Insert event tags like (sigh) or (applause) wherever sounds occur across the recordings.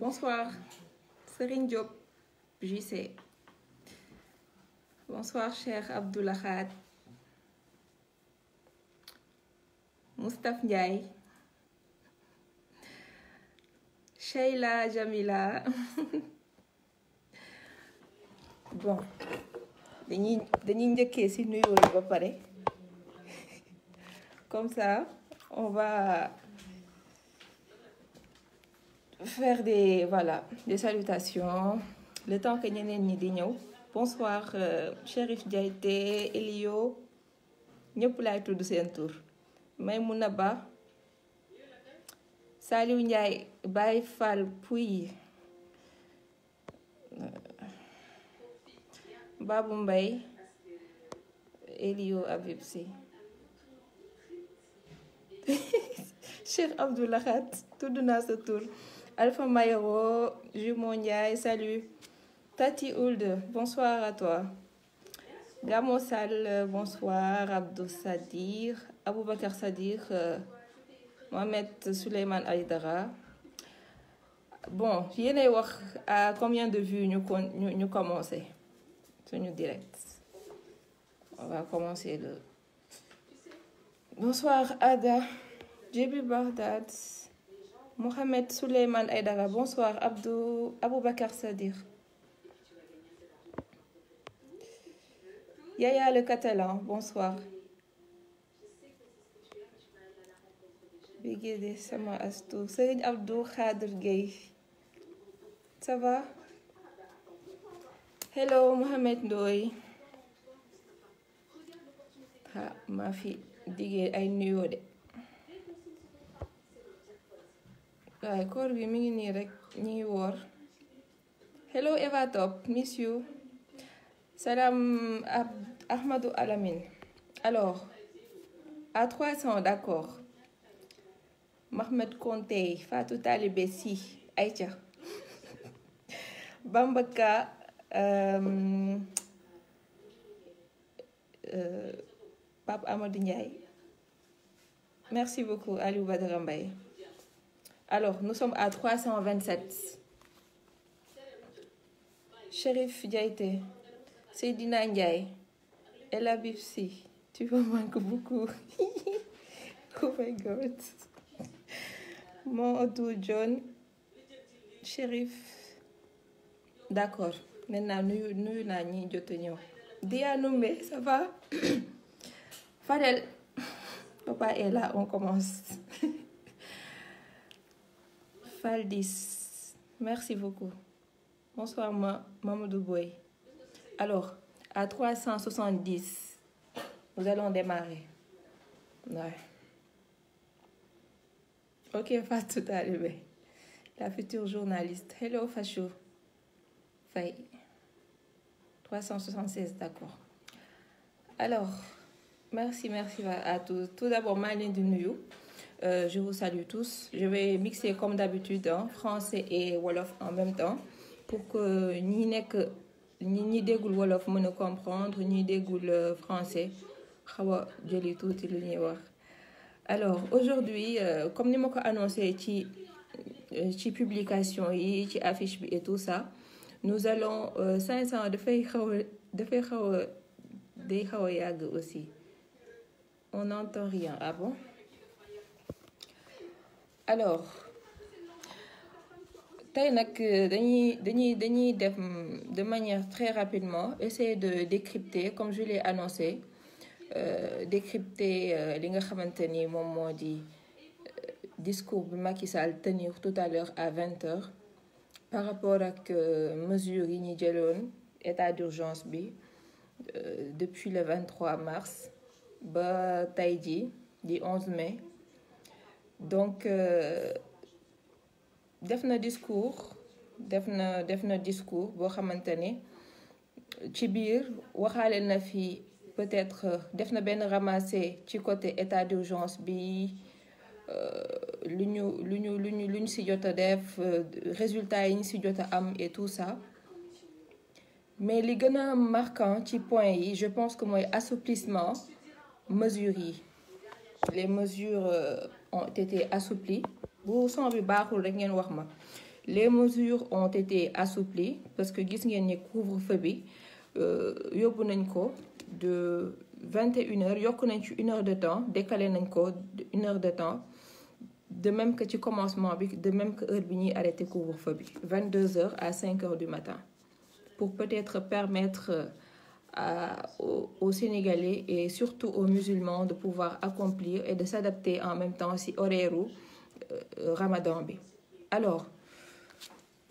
Bonsoir, Serine Diop, JC. Bonsoir, cher Abdoulahad. Moustapha Ndiaye. Sheila Jamila. (laughs) bon dañuy dañuy njëkkee ci nuyoo ba pare (laughs) comme ça on va. faire des voilà des salutations le temps que ñeneen ñi di ñëw bonsoir euh, Chérif Diaité Elio ñëpp lay tudd seen tur Maymouna Ba Saliou bay Baye Fall Pouy euh, Babou Mbaye Elio Habib Sy (laughs) Cheikh Abdoulahat tudd naa sa tur Alpha Maïro, Jumeau Ndiaye, salut. Tati Ould, bonsoir à toi. Gamo Sall, bonsoir. Abdou Sadir, Aboubakar Sadir, euh, Mohamed Souleymane Aïdara. Bon, yéenay wax à combien de vues ñu con ñu ñu commencer suñu direct. On va commencer le. Bonsoir Ada, Djibi Bardad. Mohamed Souleymane Aïdara, bonsoir. Abdou Aboubakar Sadir. Yaya le Catalan, bonsoir. Bigédé Sama Astou. Serine Abdou Khadr Gay. Ça Hello Mohamed Ndoye. ah maa fi diggee ay nuyoo de. waaye koor bi mi ngi nii rek ñu ngi woor hello Eva Top miss you salaam ab Ahmadou Alamine alors à 300 d'accord Mahmed Konté Fatou Talibé si Aïcha (laughs) Bambaka euh, euh, Pape Amadou Ndiaye merci beaucoup Aliou Badara Alors, nous sommes à 327. Shérif Diaité, Seydina Ndiaye, Ella Bifsi, tu me manques beaucoup. (laughs) oh my Mon Odou John, Shérif. D'accord. Maintenant, nous, nous, nous, nous, Dia Noumé, ça va? (coughs) Fadel, papa est là, on commence. Faldis. Merci beaucoup. Bonsoir, ma, Mamoudou Boy. Alors, à 370, nous allons démarrer. Ok, pas tout à l'heure. La future journaliste. Hello, Facho. Faye. d'accord. Alors, merci, merci à tous. Tout d'abord, Malin du New Euh, je vous salue tous. Je vais mixer comme d'habitude hein, français et wolof en même temps pour que ñi nekk ñi ñi déggul wolof mën a comprendre ñi déggul euh, français xaw a jëli tuuti lu ñuy wax. alors aujourd'hui euh, comme ni ma ko annoncé ci euh, ci publication yi ci affiche bi et tout ça nous allons euh, 500 dafay xaw a dafay xaw a day xaw a yàgg aussi on n'entend rien ah bon. alors tey nag euh, dañuy dañuy dañuy def de manière très rapidement essayer de décrypter comme je l'ai annoncé euh, décrypter euh, li nga xamante ni moom moo di discours bi Macky Sall tenir tout à l'heure à vingt heures par rapport ak mesures yi ñu jëloon état d'urgence bi depuis le 23 mars ba tey ji di 11 mai donc euh, def na discours def na def na discours boo xamante ni ci biir waxaale na fi peut-être def na benn ramassé ci côté état d'urgence bi euh, lu ñu lu ñu lu ñu lu ñu si jot a def euh, résultat yi ñu si jot a am et tout ça mais li gën a marquant ci point yi je pense que mooy assouplissement mesures yi les mesures ont été assouplies bu son bi baaxul rek ngeen wax ma les mesures ont été assouplies parce que gis ngeen ni couvre-feu bi euh, yóbbu nañ ko de 21 heures yokk nañ ci une heure de temps décalé nañ ko une heure de temps de même que ci commencement bi de même que heure bi ñuy arrêté couvre-feu bi 22 heures à 5 heures du matin pour peut-être permettre euh, à, aux, aux, Sénégalais et surtout aux musulmans de pouvoir accomplir et de s'adapter en même temps si horaire u euh, ramadan bi alors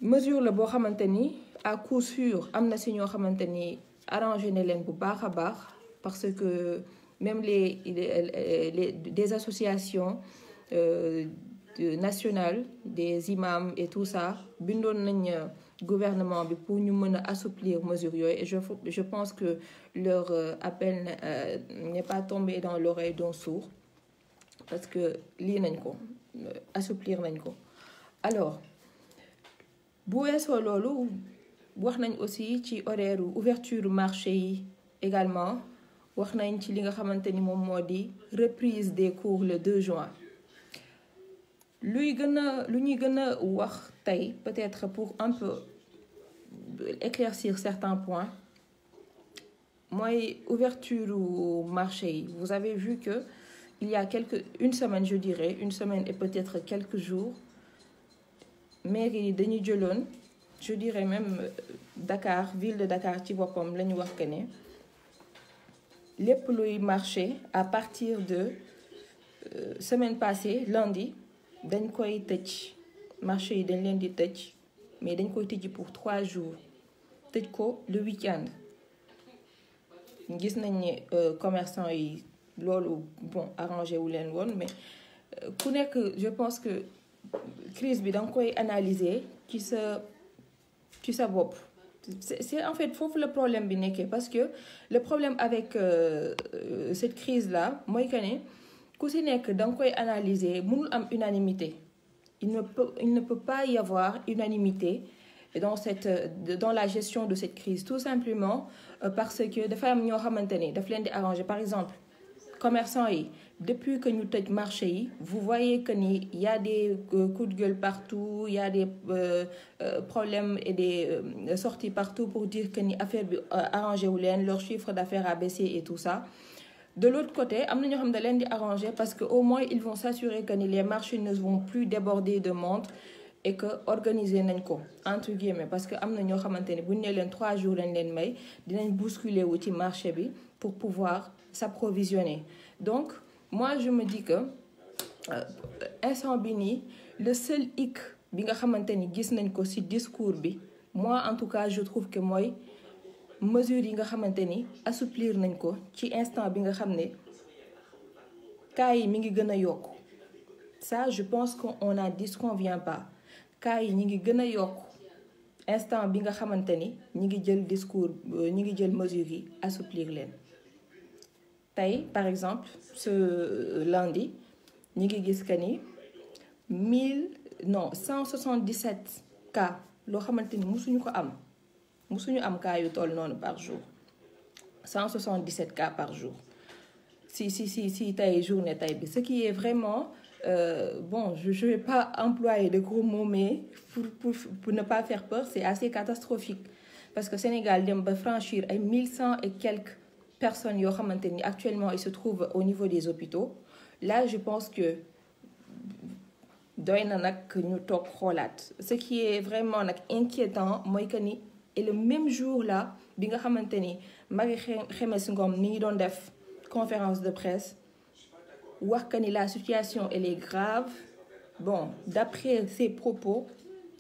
mesure la boo xamante ni à coup sûr am na si ñoo xamante ni arrangé na leen bu baax a baax parce que même les, les, les des associations euh, nationales des imams et tout ça bindoon nañ gouvernement bi pour ñu mën a assouplir mesures yooyu et je je pense que leur euh, appel euh, n'est pas tombé dans l'oreille d'un sourd parce que lii nañ ko euh, assouplir nañ ko alors bu weesoo loolu wax nañ aussi ci horaire ouverture marché yi également wax nañ ci li nga xamante ni moom moo di reprise des cours le juin luy gën a lu ñuy gën a wax tey peut-être pour un peu éclaircir certains points mooy ouverture au marché yi vous avez vu que il y a une semaine je dirais une semaine et peut-être quelques jours mairie yi dañu jëloon je dirais même euh, Dakar ville de Dakar ci boppam la ñu wax que ne lépp luy marché à partir de euh, semaine passée lundi dañ koy tëj marché yi dañ leen di tëj mais dañ koy tëj pour trois jours tëj ko le week-end gis nañ ne euh, commerçant yi loolu bon arrangé wu leen woon mais euh, ku nekk je pense que crise bi da nga koy analyser ci sa ci sa bopp c'est en fait foofu la problème bi nekkee parce que le problème avec euh, euh cette crise la mooy que ne ku si nekk da koy analyser mënul am unanimité il ne peut il ne peut pas y avoir unanimité dans la gestion de cette crise tout simplement euh, parce que dafa am ñoo xamante ni daf leen di arranger par exemple commerçant yi depuis que ñu tëj marché yi vous voyez que ni y a des euh, coups de gueule partout y a des euh, euh problèmes et des sorties partout pour dire que ni affaire bi arrangé wu leen leur chiffre d'affaires a baissé et tout ça de l'autre côté am na ñoo xam ne leen di arranger parce que au moins ils vont s'assurer que ni les marchés ne vont plus déborder de monde et que organiser nañ ko entre guillemets parce que am na ñoo xamante ni buñ ne leen trois jours lañ leen may dinañ bousculer wu ci marché bi pour pouvoir s'approvisionner donc moi je me dis que euh, instant bi nii le seul hic bi nga xamante ni gis nañ ko ci discours bi moi en tout cas je trouve que mooy mesures yi nga xamante ni assouplir nañ ko ci instant bi nga xam ne cas yi mi ngi gën a yokk ça je pense qu'on n'en disconvient pas cas yi ñu ngi gën a yokk instant bi nga xamante ni ñu ngi jël discours euh, ñu ngi jël mesures yi assouplir leen tey par exemple ce euh, lundi ñi ngi gis que ni mille non cent soixante-dix-sept cas loo xamante ni mësuñu ko am musuñu am cas yu toll noonu par jour 177 cas par jour si si si si tey journée tey bi ce qui est vraiment euh, bon je je vais pas employer de gros mots mais pour, pour pour ne pas faire peur c'est assez catastrophique parce que Sénégal dem ba franchir ay 1100 et quelques personnes yoo xamante ni actuellement ils se trouvent au niveau des hôpitaux là je pense que doy na nag ñu toog xoolaat ce qui est vraiment nag inquiétant mooy que ni. et le même jour là bi nga xamante ni Marie Khemesse Ngom mi ngi doon def conférence de presse wax que ni la situation elle est grave bon d'après ses propos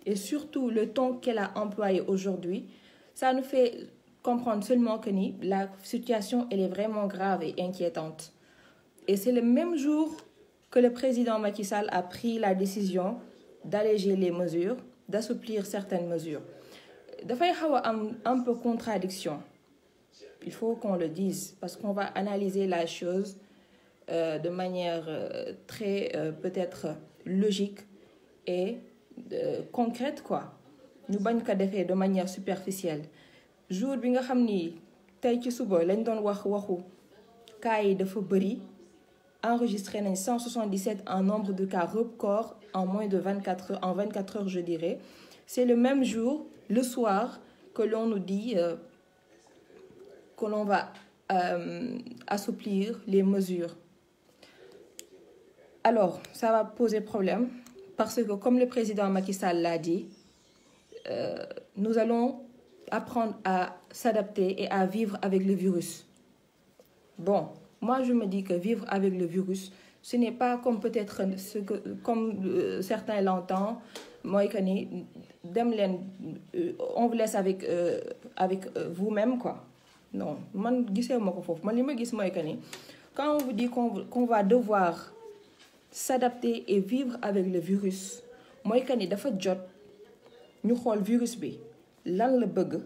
et surtout le ton qu'elle a employé aujourd'hui ça nous fait comprendre seulement que ni la situation elle est vraiment grave et inquiétante et c'est le même jour que le président Macky Sall a pris la décision d'alléger les mesures d'assouplir certaines mesures dafay xaw a am un peu contradiction il faut qu'on le dise parce qu'on va analyser la chose euh, de manière euh, très euh, peut-être logique et euh, concrète quoi ñu bañ ko defee de manière superficielle jour bi nga xam ni tey ci suba lañ doon wax waxu cas yi dafa bëri enregistré nañ 177 un nombre de cas record en moins de 24 heures en 24 heures je dirais c'est le même jour le soir que l'on nous dit euh, que l'on va euh, assouplir les mesures. Alors, ça va poser problème parce que, comme le président Macky Sall l'a dit, euh, nous allons apprendre à s'adapter et à vivre avec le virus. Bon, moi je me dis que vivre avec le virus, ce n'est pas comme peut-être ce que, comme euh, certains l'entendent, mooy que ni dem leen euh, on vous laisse avec euh, avec euh, vous-même quoi non man gisee ma ko foofu man li ma gis mooy que ni quand on vous dit qu'on qu'on va devoir s'adapter et vivre avec le virus mooy que ni dafa jot ñu xool virus bi lan la bëgg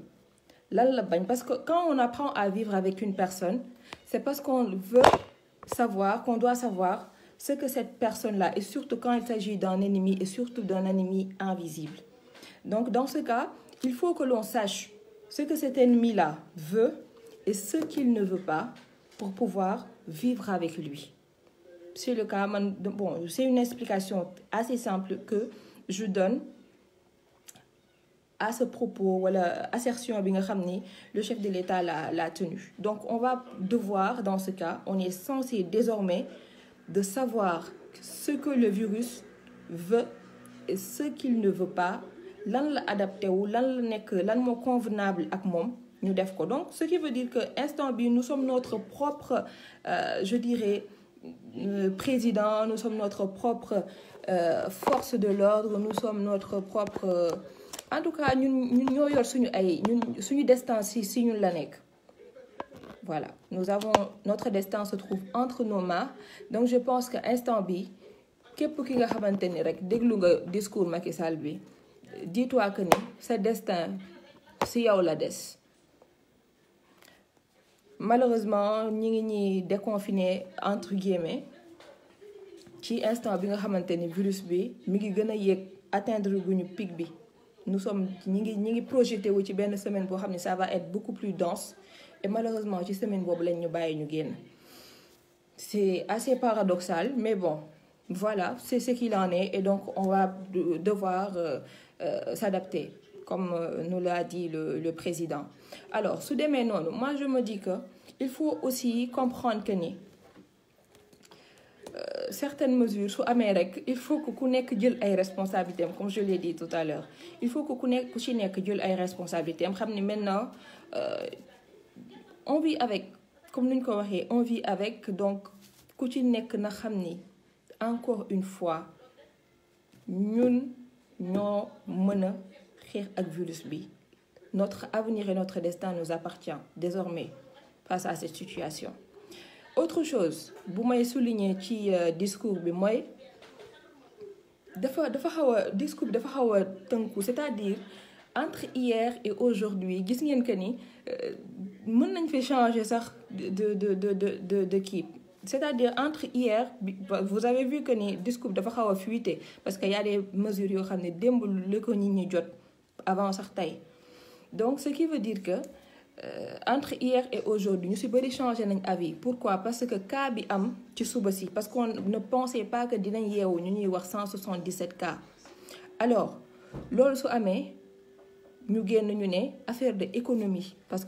lan la bañ parce que quand on apprend à vivre avec une personne c'est parce qu'on veut savoir qu'on doit savoir ce que cette personne-là, et surtout quand il s'agit d'un ennemi, et surtout d'un ennemi invisible. Donc dans ce cas, il faut que l'on sache ce que cet ennemi-là veut et ce qu'il ne veut pas pour pouvoir vivre avec lui. C'est le cas, bon, c'est une explication assez simple que je donne à ce propos wala assertion bi nga xam ni le chef de l'État l'a l'a tenue. Donc on va devoir dans ce cas, on est censé désormais de savoir ce que le virus veut et ce qu'il ne veut pas lan la adapté wu lan la nekk lan moo convenable ak moom ñu def ko donc ce qui veut dire que instant bi nous sommes notre propre euh, je dirais euh, président nous sommes notre propre euh, force de l'ordre nous sommes notre propre en tout cas ñun ñun ñoo suñu ay suñu destin si si la nekk Voilà, nous avons notre destin se trouve entre nos mains donc je pense que instant bi képp ki nga xamante ni rek déglu nga discours Macky Sall bi dis-toi que ni sa destin si yow la des. malheureusement ñi ngi ñuy déconfiné entre guillemets ci instant bi nga xamante ni virus bi mi ngi gën a yéeg atteindre guñu pic bi nous sommes ñi ngi ñi ngi projeté wu ci benn semaine boo xam ne sa va et beaucoup plus dense. et malheureusement ci semaine boobu lañ ñu bàyyi ñu génn c'est assez paradoxal mais bon voilà c'est ce qu'il en est et donc on va devoir euh, euh, s'adapter comme euh, nous l'a dit le, président alors su demee noonu moi je me dis que il faut aussi comprendre que ni Euh, certaines mesures su amee rek il faut que ku nekk jël ay responsabilités comme je l'ai dit tout à l'heure il faut que ku nekk ku ci nekk jël ay responsabilités am xam ni maintenant euh, on vit avec comme ni ñu ko waxee on vit avec donc ku ci nekk na xam ni encore une fois ñun ñoo mën a xeex ak virus bi notre avenir et notre destin nous appartient désormais face à cette situation. autre chose bu may souligner ci euh, discours bi mooy dafa dafa xaw a discours bi dafa xaw a tënku c'est-à-dire entre hier et aujourd'hui gis ngeen que ni. Euh, mën nañ fi changer sax de de de de de de kii c'est-à-dire entre hier vous avez vu que ni discours dafa xaw a parce que y a des yoo xam ne démb la ko nit ñi jot avant sax tey donc ce qui veut dire que euh, entre hier et aujourd'hui ñu si bëri changé nañ avis pourquoi parce que cas bi am ci suba si parce que ne pensait pas que dinañ yeewu ñu ñuy wax cent 177 cas alors loolu su amee ñu génn ñu ne affaire de économie parce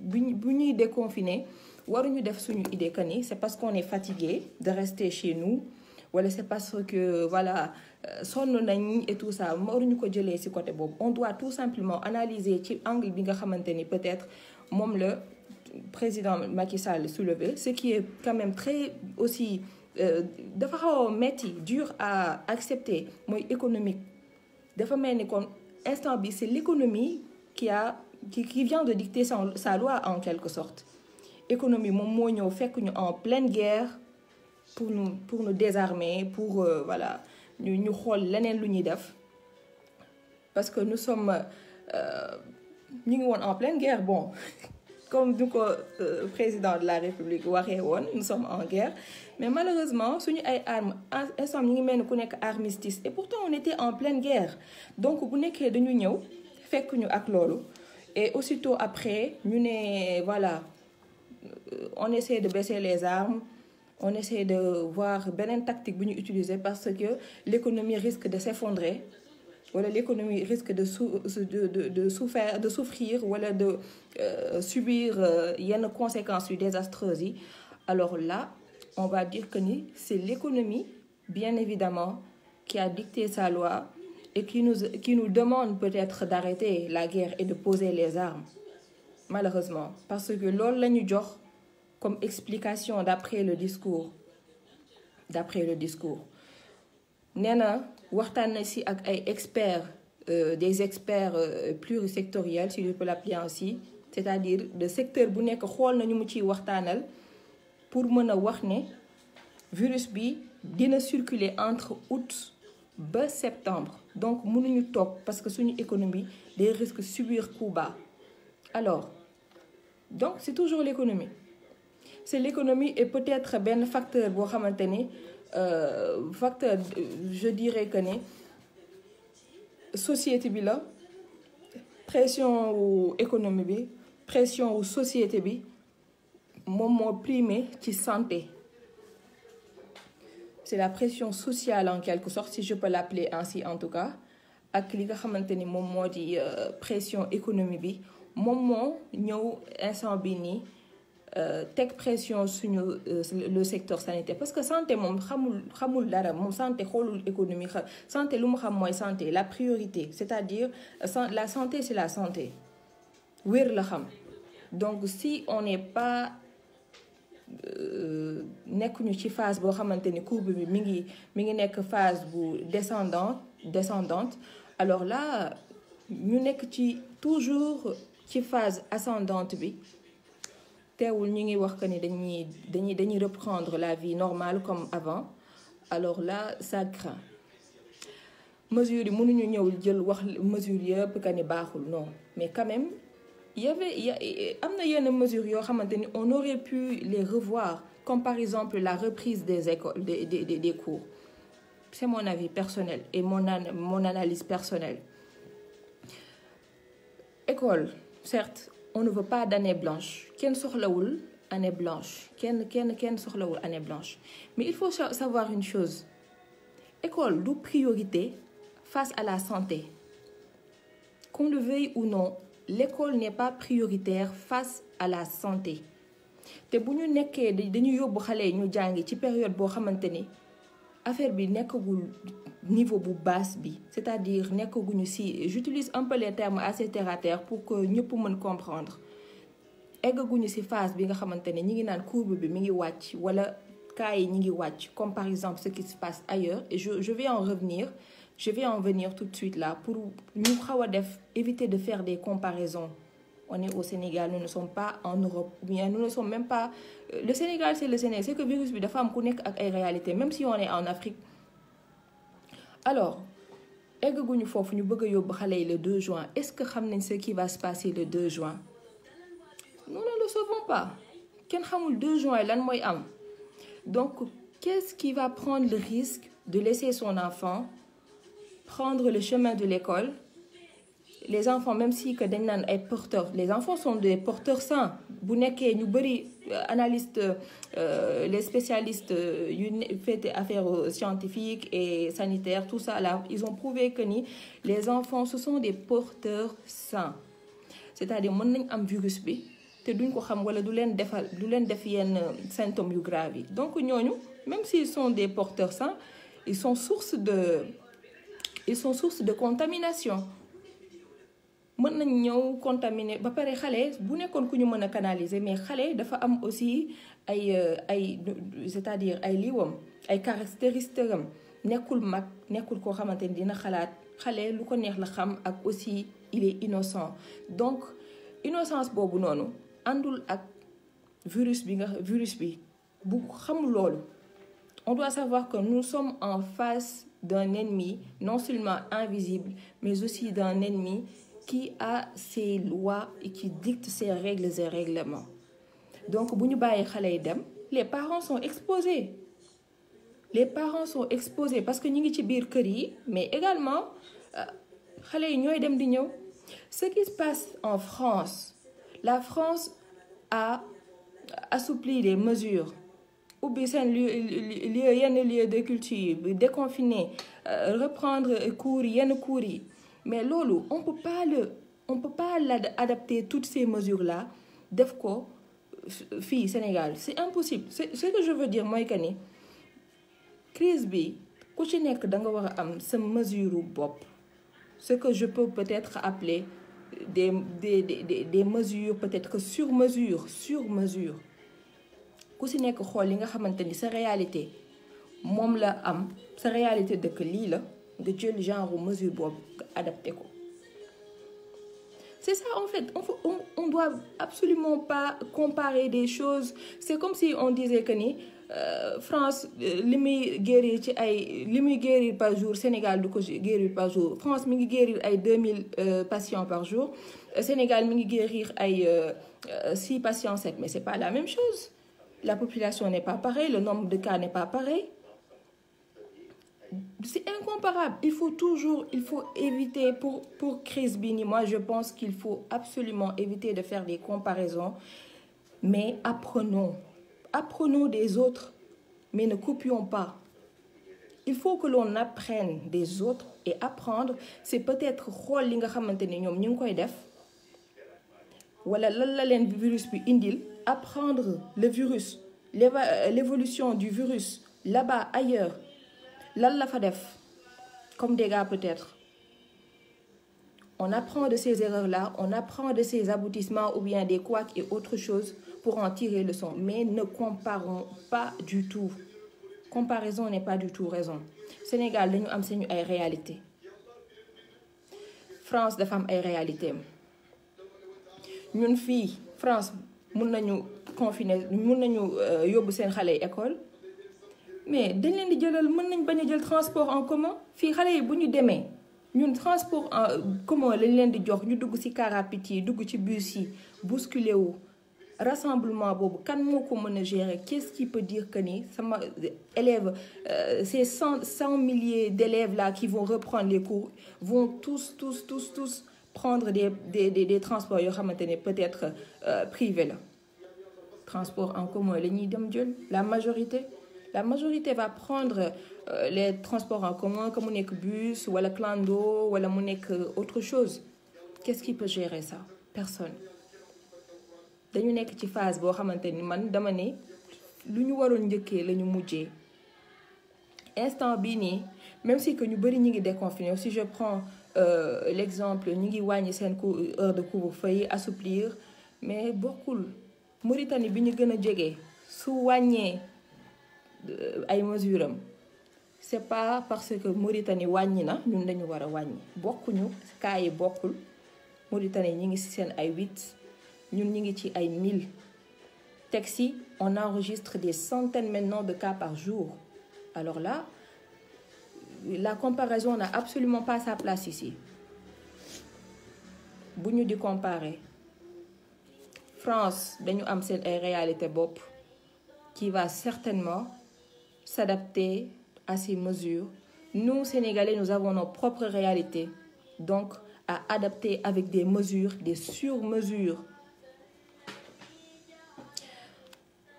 bu bu ñuy déconfiné waruñu def suñu idée que ni c'est parce qu'on est fatigué de rester chez nous wala c'est parce que voilà euh, sonn nañ et tout ça waruñu ko jëlee ci côté boobu on doit tout simplement analyser ci angle bi nga xamante ni peut-être moom la président Macky Sall soulevé ce qui est quand même très aussi euh, dafa xaw a metti dur à accepter mooy économique dafa mel ni kon instant bi c'est l'économie qui a qui, qui vient de dicter sa, sa loi en quelque sorte économie moom moo ñëw fekk ñu en pleine guerre pour nous pour nous désarmer pour euh, voilà ñu ñu xool leneen lu ñuy def parce que nous sommes euh, ñu ngi woon en pleine guerre bon (laughs) comme du ko euh, président de la république waxee woon nous sommes en guerre mais malheureusement suñu ay armes ensemble ñu ngi mel ni ku nekk armistice et pourtant on était en pleine guerre donc bu nekkee dañu ñëw fekk ñu ak loolu et aussitôt après ñu ne voilà euh, on essaie de baisser les armes on essaie de voir beneen tactique bu ñu utiliser parce que l'économie risque de s'effondrer wala l'économie risque de sou de de de souffrir de souffrir wala de euh, subir euh, yenn conséquences yu désastreuses yi alors là on va dire que ni c'est l'économie bien évidemment qui a dicté sa loi et qui nous, qui demande peut-être d'arrêter la guerre et de poser les armes. Malheureusement, parce que loolu la ñu jox comme explication d'après le discours d'après le discours nee na waxtaan na si ak ay experts euh, des experts euh, plurisectoriels si je peux l'appeler ainsi c'est-à-dire de secteur bu nekk xool nañu mu ciy waxtaanal pour mën a wax ne virus bi dina circuler entre août ba septembre donc mënuñu toog parce que suñu économie day risque subir coup bas alors donc c'est toujours l'économie c'est l'économie et peut-être benn facteur boo xamante ne euh, facteur jeu dirais que ne société bi la pression wu économie bi pression wu société bi moom moo primé ci santé c'est la pression sociale en quelque sorte si je peux l'appeler ainsi en tout cas ak li nga xamante ni moom moo di euh, pression économie bi moom moo ñëw instant bi nii euh, teg pression suñu euh, le secteur sanitaire parce que santé moom xamul xamul dara moom santé xoolul économie santé lu mu xam mooy santé la priorité c'est-à-dire la santé c'est la santé wér la xam donc si on n'est pas Euh, nekkuñu ci phase boo xamante ni courbe bi mi ngi mi ngi nekk phase bu descendante descendante alors là ñu nekk ci toujours ci phase ascendante bi teewul ñu ngi wax que ni dañuy dañuy dañuy reprendre la vie normale comme avant alors là ça craint yi mënuñu ñëw jël wax mesures yëpp que ni baaxul noonu mais quand il y avait il y a am na yenn mesures yoo xamante ni on aurait pu les revoir comme par exemple la reprise des écoles des des des cours c'est mon avis personnel et mon an mon analyse personnelle école certes on ne veut pas d'année blanche kenn soxlawul année blanche kenn kenn kenn soxlawul année blanche mais il faut savoir une chose école du priorité face à la santé qu'on le veuille ou non lekkool ne pas prioritaire face à la santé te bu ñu nekkee dañu yóbbu xale yi ñu jàngi ci période boo xamante ni affaire bi nekkagul niveau bu baas bi c'est-à-dire nekkaguñu si j'utilise un terme les à terre pour que ñëpp mën comprendre eggaguñu si phase bi nga xamante ne ñi ngi naan courbe bi mi ngi wàcc wala cas yi ñi ngi wàcc comme par exemple ce qui se passe ailleurs et je je vais en revenir je vais en venir tout de suite là pour ñu xaw a def éviter de faire des comparaisons on est au Sénégal nous ne sommes pas en Europe ou bien nous ne sommes même pas euh, le Sénégal c'est le Sénégal c'est que virus bi dafa am ku nekk ak ay réalité même si on est en Afrique alors eggaguñu foofu ñu bëgg a yóbbu xale yi le 2 juin est-ce que xam nañ ce qui va se passer le juin nous ne le savons pas kenn xamul 2 juin lan mooy am donc qu'est-ce qui va prendre le risque de laisser prendre le chemin de l'école les enfants même si que naan ay porteurs les enfants sont des porteurs sains bu nekkee ñu bëri euh, analystes euh, les spécialistes euh, yu féete affaires scientifiques et sanitaires tout ça là ils ont prouvé que ni les enfants ce sont des porteurs sains c'est-à-dire mën nañ am virus bi te duñ ko xam wala du leen defal du leen def yenn symptômes yu graves yi donc ñooñu même s'ils sont des porteurs sains ils sont source de ils sont source de contamination mën nañ ñëw contaminer ba pare xale bu nekkoon ku ñu mën a canaliser mais xale dafa am aussi ay euh, ay c'est-à-dire ay liiwam ay caractéristiques am nekkul mag nekkul koo xamante ni dina xalaat xale lu ko neex la xam ak aussi il est innocent donc innocence boobu noonu àndul ak virus bi nga virus bi bu xamul loolu on doit savoir que nous sommes en face d'un ennemi non seulement invisible, mais aussi d'un ennemi qui a ses lois et qui dicte ses règles et règlements. Donc, bu ñu bàyyi xale yi dem les parents sont exposés les parents sont exposés parce que ñu ngi ci biir kër yi mais également euh, xale yi ñooy dem di ñëw ce qui se passe en France la France a assoupli les mesures ubbi seen lieu yenn lieu de culture yi déconfiné euh, reprendre cours yenn cours yi mais loolu on peut pas le on peut pas l'adapter toutes ces mesures là def ko euh, fii Sénégal c'est impossible c'est ce que je veux dire mooy que ni crise bi ku ci nekk da nga war a am sa mesure bopp ce que je peux peut-être appeler des des des des mesures peut-être que sur mesure sur mesure ku si nekk xool li nga xamante ni sa réalité moom la am sa réalité dëkk lii la nga jël genre mesure boobu nga adapté ko c'est ça en fait on on on doit absolument pas comparer des choses c'est comme si on disait que ni euh, France euh, li muy guérir ci ay li muy guérir par jour Sénégal du ko guérir par jour France mi ngi guérir ay mille euh, patients par jour Sénégal mi ngi guérir ay 6 patients 7 mais c'est pas la même chose la population n'est pas pareille, le nombre de cas n'est pas pareil. C'est incomparable. Il faut toujours, il faut éviter pour, pour Chris Bini. Moi, je pense qu'il faut absolument éviter de faire des comparaisons. Mais apprenons. Apprenons des autres, mais ne copions pas. il faut que l'on apprenne des autres et apprendre, c'est peut-être xool li nga xamante ne ñoom ñu ngi koy def wala lan la leen virus bi indil apprendre le virus euh, l'évolution du virus là-bas ailleurs lan la fa def comme dégâts peut-être on apprend de ces erreurs-là on apprend de ces aboutissements ou bien des couacs et autres choses pour en tirer leçon mais ne comparons pas du tout comparaison n'est pas du tout raison Sénégal dañu am suñu ay réalité France dafa am ay réalité ñun fii France mun nañu confiner mun nañu euh, yóbbu seen xale yi école mais dañ leen di jëlal mën nañ bañ a jël transport en commun fii xale yi bu ñu demee ñun transport en commun lañ leen di jox ñu dugg ci car rapide yi dugg ci bus yi bousculé wu rassemblement boobu kan moo ko mën a gérer qu'est-ce qui peut dire que ni sama euh, élèves euh, ces cent cent milliers d'élèves là qui vont reprendre les cours vont tous tous tous tous prendre des des des, des transports yoo xamante ne peut-être euh, privé la transport en commun la ñuy dem jël la majorité la majorité va prendre euh, les transports en commun que mu nekk bus wala clando wala mu nekk euh, autre chose qu'est-ce qui peut gérer ça personne dañu nekk ci phase boo xamante ni man dama ne lu ñu waroon njëkkee lañu ñu mujjee instant bii nii même si que ñu bëri ñu ngi déconfiné si je prends Euh, l'exemple ñu ngi wàññi seen heure de couvre-feu yi assouplir mais bokkul moritani bi ñu gën a jege su wàññee euh, ay mesuram am c'est pas parce que Mauritanie wàññi na ñun dañu war a wàññi bokkuñu cas yi bokkul Mauritanie ñi ngi ci seen ay huit ñun ñi ngi ci ay mille teg si on enregistre des centaines maintenant de cas par jour alors là la comparaison n'a absolument pas sa place ici bu ñu di comparer France dañu am seen ay réalité bopp qui va certainement s'adapter à ces mesures nous Sénégalais nous avons nos propres réalités donc à adapter avec des mesures des surmesures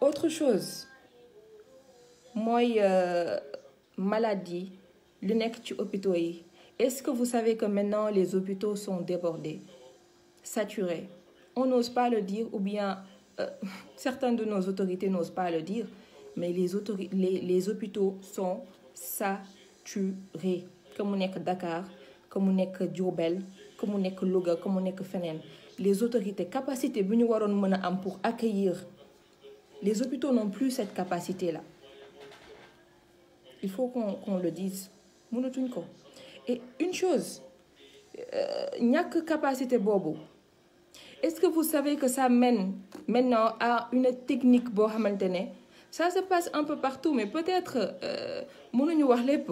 autre chose mooy euh, maladie lu nekk ci hôpitaux yi est-ce que vous savez que maintenant les hôpitaux sont débordés saturés on n'ose pas le dire ou bien euh, (laughs) certains de nos autorités n'osent pas le dire mais les autori les, les hôpitaux sont saturés que mu nekk Dakar que mu nekk Diourbel que mu nekk Louga que mu nekk feneen les autorités capacité bu ñu waroon mën a am pour accueillir les hôpitaux n'ont plus cette capacité là il faut qu'on qu'on le dise mënatuñ ko et une chose euh, ñàkk capacité boobu est-ce que vous savez que ça mène maintenant à une technique boo xamante ne ça se passe un peu partout mais peut-être euh, mënuñu wax lépp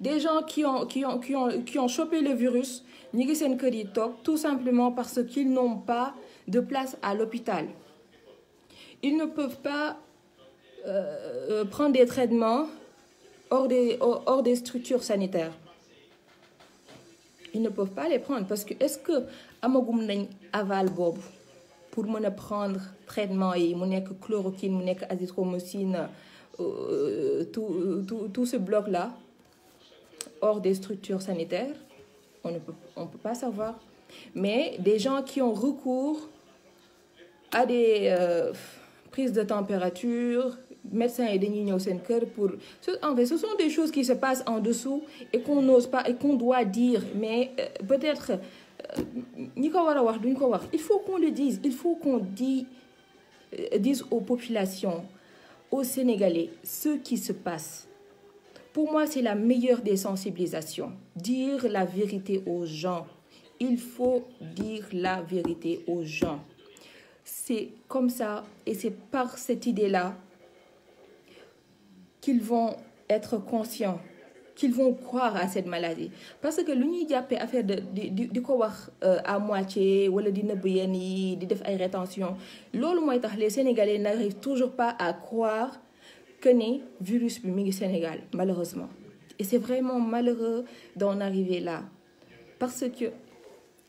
des gens qui ont qui ont qui ont qui ont chopé le virus ñi ngi seen kër yi toog tout simplement parce qu'ils n'ont pas de place à l'hôpital ils ne peuvent pas euh, euh prendre des traitements hors des, hors des structures sanitaires. Ils ne peuvent pas les prendre parce que est-ce que amagum nañ aval boobu pour mën a prendre traitement yi mu nekk chloroquine mu nekk azithromycine euh, tout tout tout ce bloc là hors des structures sanitaires on ne peut on peut pas savoir mais des gens qui ont recours à des euh, prises de température médecins yi dañuy ñëw seen kër pour en fait ce sont des choses qui se passent en dessous et qu'on n'ose pas et qu'on doit dire mais euh, peut-être euh, ñi ko war a wax duñ ko wax il faut qu'on le dise faut qu'on dit euh, dise aux populations aux Sénégalais ce qui se passe pour moi c'est la meilleure des sensibilisations dire la vérité aux gens il faut dire la vérité aux gens c'est comme ça et c'est par cette idée-là qu'ils vont être conscients qu'ils vont croire à cette maladie parce que lu ñuy jàppee affaire de di di ko wax euh, à moitié wala di nëbb yenn yi di def ay rétention loolu mooy tax les sénégalais n'arrivent toujours pas à croire que ni virus bi mi ngi Sénégal malheureusement et c'est vraiment malheureux d'en arriver là parce que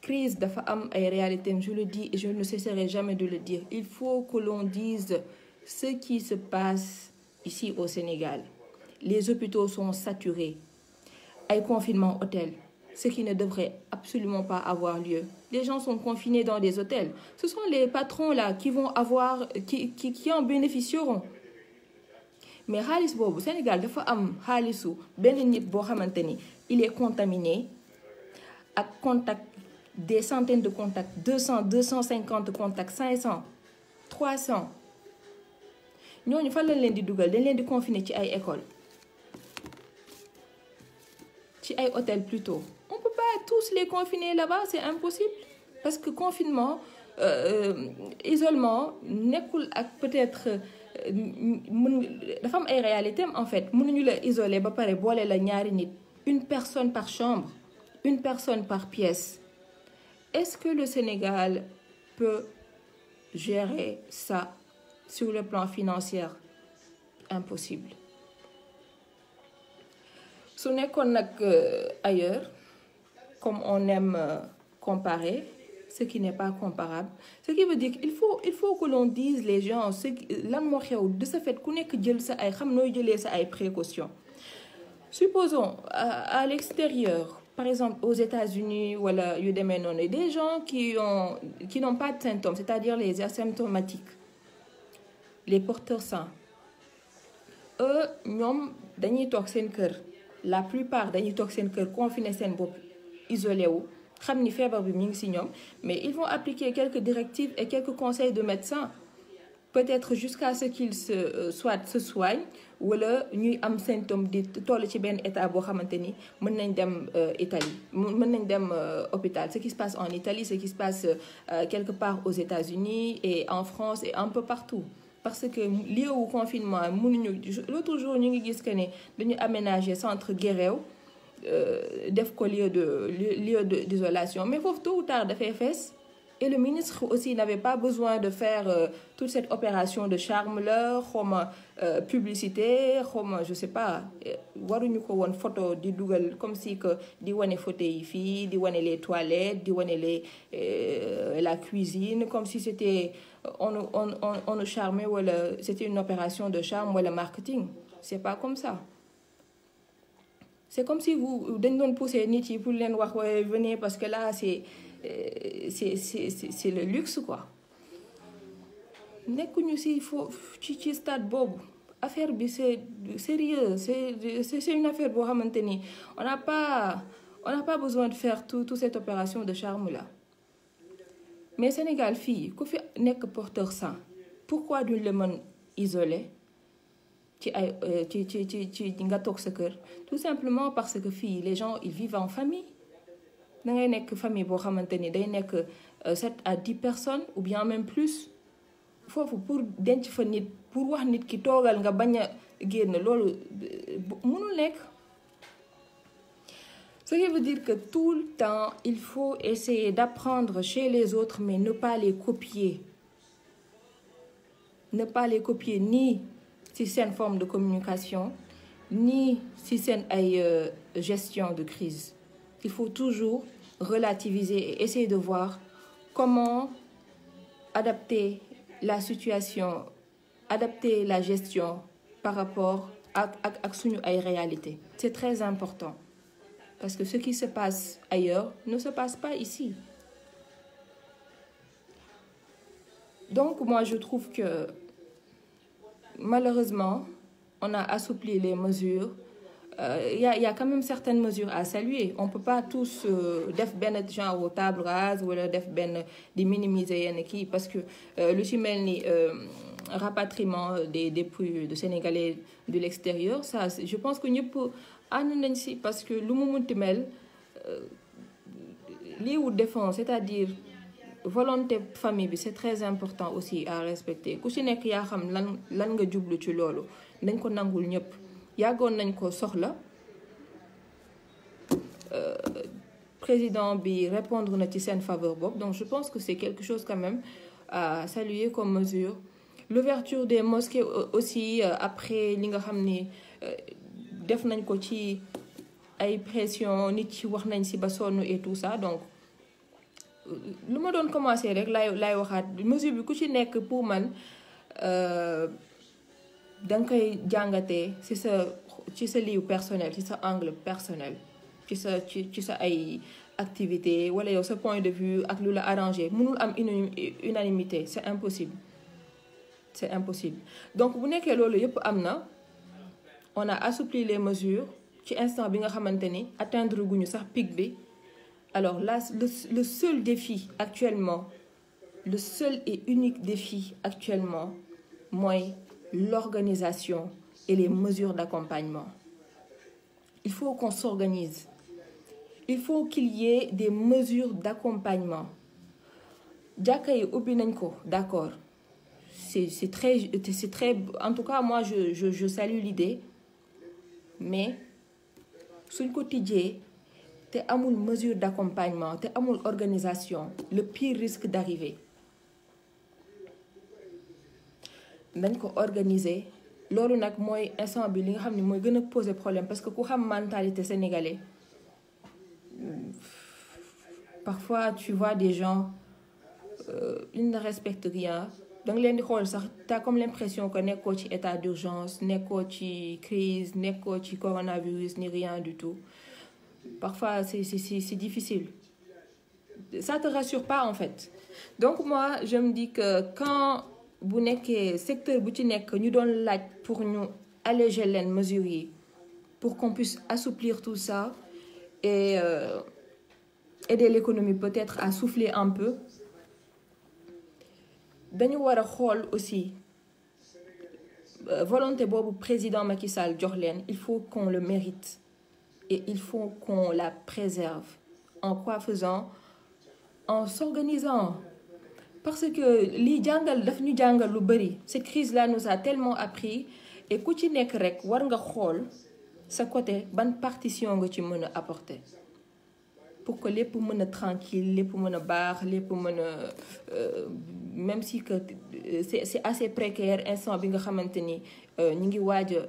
crise dafa am ay réalités je le dis et je ne cesserai jamais de le dire il faut que l'on dise ce qui se passe ici au Sénégal les hôpitaux sont saturés ay confinement hôtel ce qui ne devrait absolument pas avoir lieu les gens sont confinés dans des hôtels ce sont les patrons là qui vont avoir qui qui, qui en bénéficieront mais xaalis boobu Sénégal dafa am xaalisu benn nit boo xamante ni il est contaminé ak contact des centaines de contacts 200 250 contacts 500 300 ñooñu fan lañ leen di dugal dañ leen di confiner ci ay école ci ay hôtel plutôt on peut pas tous les confiner là-bas c'est impossible parce que confinement euh, euh isolement nekkul ak peut-être euh, mun dafa ay réalité en fait mun nañu la isoler ba pare boole la ñaari nit une personne par chambre une personne par pièce est-ce que le Sénégal peut gérer ça sur le plan financier impossible su nekkoon nag euh, ailleurs comme on aime euh, comparer ce qui n'est pas comparable ce qui veut dire qu'il faut il faut que l'on dise les gens ce lan moo xew de ce fait ku nekk jël sa ay xam nooy jëlee sa ay précautions supposons à, à l'extérieur par exemple aux États-Unis wala yu demee noonu des gens qui ont qui n'ont pas de symptômes c'est-à-dire les asymptomatiques les porteurs sains eux ñoom dañuy toog seen kër la plupart dañuy toog seen kër confiné seen bopp isolé wu xam ni feebar bi mu ngi si ñoom mais ils vont appliquer quelques directives et quelques conseils de médecins peut-être jusqu'à ce qu'ils se euh, soit se soignent wala ñuy am symptôme di toll ci benn état boo xamante ni mën nañ dem euh, Italie mën nañ dem euh, hôpital ce qui se passe en Italie ce qui se passe quelque part aux États-Unis et en France et un peu partout parce que lieu wu confinement mënuñu l'autre jour ñu ngi gis que ne dañu aménager centre Guéréo euh, def ko lieu de lieu de d'isolation mais foofu tôt ou tard dafay fees et le ministre aussi n'avait pas besoin de faire euh, toute cette opération de charme la xawma euh, publicité xawma je sais pas euh, waruñu ko woon photo di dugal comme si que di wane fauteuil yi fii di wane les toilettes di wane les euh, la cuisine comme si c'était on, on, on, on nous charmait, voilà, c'était une opération de charme, voilà, marketing. C'est pas comme ça. C'est comme si vous, vous pousser Nietzsche pour les noirs, venez, parce que là, euh, c'est c'est le luxe, quoi. nekkuñu si foofu ci ci stade boobu affaire bi c'est sérieux c'est une affaire boo xamante ni on n'a pas on n'a pas besoin de faire tout toute cette opération de charme là mais Sénégal fii ku fi nekk porteur sain pourquoi duñ la man isolé ci ay euh, ci ci ci ci nga toog sa kër tout simplement parce que fii les gens ils vivent en famille da ngay nekk famille boo xamante ni day nekk euh, sept à dix personnes ou bien même plus foofu pour denc fa nit pour wax nit ki toogal nga bañ a génn loolu euh, mënul lekk Ce qui veut dire que tout le temps, il faut essayer d'apprendre chez les autres, mais ne pas les copier. Ne pas les copier ni si c'est une forme de communication, ni si c'est une euh, gestion de crise. Il faut toujours relativiser et essayer de voir comment adapter la situation, adapter la gestion par rapport à, à, à, à réalité. C'est très important. Parce que ce qui se passe ailleurs ne se passe pas ici. Donc moi, je trouve que malheureusement, on a assoupli les mesures. Euh, il euh, y, a, y, a quand même certaines mesures à saluer. On ne peut pas tous euh, def ben genre au table rase ou def ben de minimiser qui parce que euh, le chimel euh, rapatriement des, des de Sénégalais de l'extérieur, ça, je pense que nous pouvons ànd nañ si parce que lu mu munti mel euh, lii wu défense c'est-à-dire volonté famille bi c'est très important aussi à respecter ku si nekk yaa xam lan lan nga jublu ci loolu dañ ko nangul ñëpp yàggoon nañ ko soxla euh, président bi répondre na ci seen faveur boobu donc je pense que c'est quelque chose quand même à saluer comme mesure l'ouverture des mosquées euh, aussi après li nga xam ni def nañ ko ci ay pression nit ci wax nañ si ba sonn et tout ça donc euh, lu ma doon commencé rek laay laay waxaat mesure bi ku ci nekk pour man euh, danga koy jàngatee ci sa ci sa lieu personnel ci sa angle personnel ci sa ci sa ay activité wala yow sa point de vue ak lu la arrangé mënul am unanimité c'est impossible c'est impossible donc bu nekkee loolu yëpp am na on a assoupli les mesures ci instant bi nga xamante ni atteindre guñu sax pic bi alors la le, le seul défi actuellement le seul et unique défi actuellement mooy l'organisation et les mesures d'accompagnement il faut qu'on s'organise il faut qu'il y ait des mesures d'accompagnement jàkka yi ubbi nañ ko d'accord c'est c'est très très en tout cas moi je je je salue l'idée mais suñ ko tijjee te amul mesure d'accompagnement te amul organisation le pire risque d'arriver dañ ko organiser loolu nag mooy instant bi li nga xam ne mooy gën a poser problème parce que ku xam mentalité sénégalais parfois tu vois des gens euh, ils ne respectent rien da nga leen di xool sax t'as comme l'impression que nekkoo ci état d'urgence nekkoo ci crise nekkoo ci coronavirus ni rien du tout parfois c'est c'est c'est difficile ça te rassure pas en fait donc moi je me dis que quand bu nekkee secteur bu ci nekk ñu doon laaj pour ñu alléger leen mesures yi pour qu'on puisse assouplir tout ça et euh, aider l'économie peut-être à souffler un peu dañu war a xool aussi euh, volonté boobu président Macky Sall jox leen il faut qu'on le mérite et il faut qu'on la préserve en quoi faisant en s'organisant parce que li jàngal daf ñu jàngal lu bëri cette crise là nous a tellement appris et ku ci nekk rek war nga xool sa côté ban partition nga ci mën a apporter pour que lépp mën a tranquille lépp mën a baax lépp mën a euh, même si que euh, c'est c'est assez précaire instant bi nga xamante ni euh, ñu ngi waaj a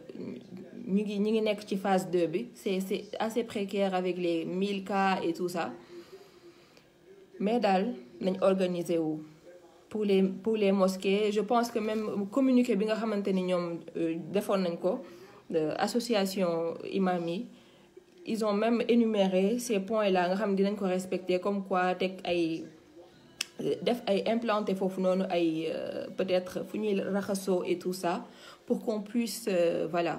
ñu ngi ñu ngi nekk ci phase 2 bi c'est c'est assez précaire avec les 1000 cas et tout ça mais daal nañ organiser wu pour les pour les mosquées je pense que même communiqué bi nga xamante ni ñoom defoon nañ ko association imam yi ils ont même énuméré ces points là nga xam ne dinañ ko respecter comme quoi teg ay def ay implanté foofu noonu ay euh, peut-être fu ñuy raxasoo et tout ça pour qu'on puisse euh, voilà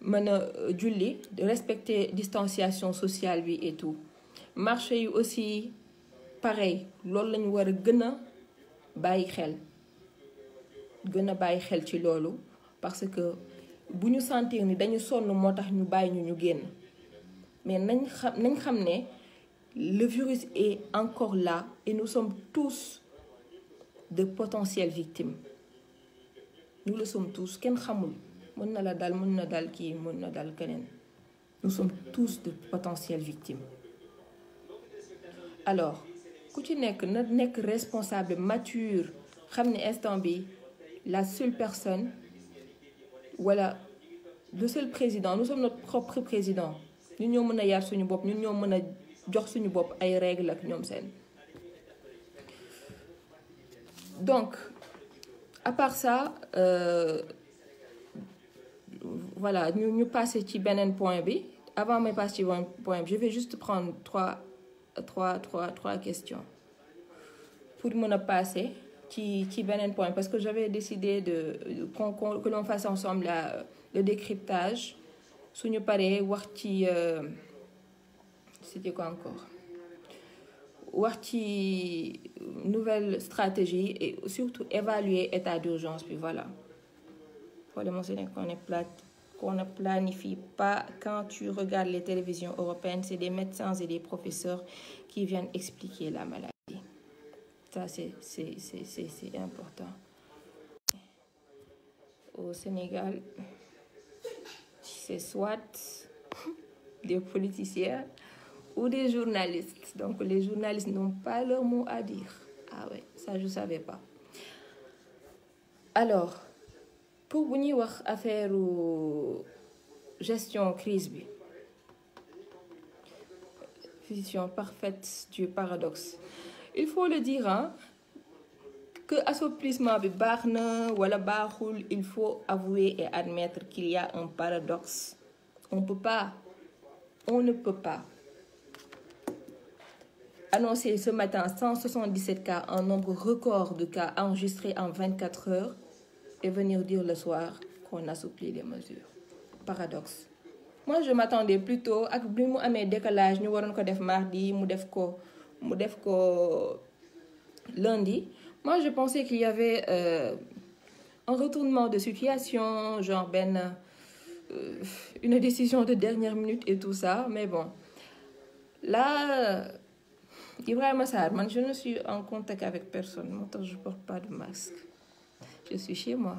mën a euh, julli respecter distanciation sociale bi et tout marché yi aussi pareil loolu lañu war a gën a bàyyi xel gën a bàyyi xel ci loolu parce que bu ñu sentir ni dañu sonn moo tax ñu bàyyi ñu ñu génn mais nañ xam nañ xam ne le virus est encore là et nous sommes tous de potentielles victimes nous le sommes tous kenn xamul mën na la dal mën na dal kii mën na dal keneen nous sommes tous de potentielles victimes alors ku ci nekk na nekk responsable mature xam ne instant bi la seule personne wala voilà, le seul président nous sommes notre propre président ñun ñoo mën a yar suñu bopp ñun ñoo mën a jox suñu bopp ay règle ak ñoom seen donc à part ça euh, voilà ñu ñu passer ci beneen point bi avant may passer ci point bi je vais juste prendre trois trois trois trois questions pour mën a passer ci ci beneen point parce que j'avais décidé de qu'on que l'on fasse ensemble la décryptage suñu paree wax ci euh, c'était quoi encore wax ci euh, nouvelle stratégie et surtout évaluer état d'urgence puis voilà problème c'est qu'on est plate qu'on ne planifie pas quand tu regardes les télévisions européennes c'est des médecins et des professeurs qui viennent expliquer la maladie ça c'est c'est c'est c'est important au c'est soit des politiciens ou des journalistes. Donc les journalistes n'ont pas leur mot à dire. Ah ouais, ça je savais pas. Alors pour bu ñuy wax affaire gestion crise bi vision parfaite du paradoxe il faut le dire hein que assouplissement bi baax na wala baaxul il faut avouer et admettre qu'il y a un paradoxe on peut pas on ne peut pas annoncer ce matin cas un nombre record de cas enregistrés en 24 heures et venir dire le soir qu'on assouplit les mesures paradoxe moi je m'attendais plutôt ak bi mu amee décalage ñu waroon ko def mardi mu def ko mu def ko lundi Moi, je pensais qu'il y avait euh, un retournement de situation, genre ben, euh, une décision de dernière minute et tout ça. Mais bon, là, Ibrahim Sarr, je ne suis en contact avec personne. Moi, je ne porte pas de masque. Je suis chez moi.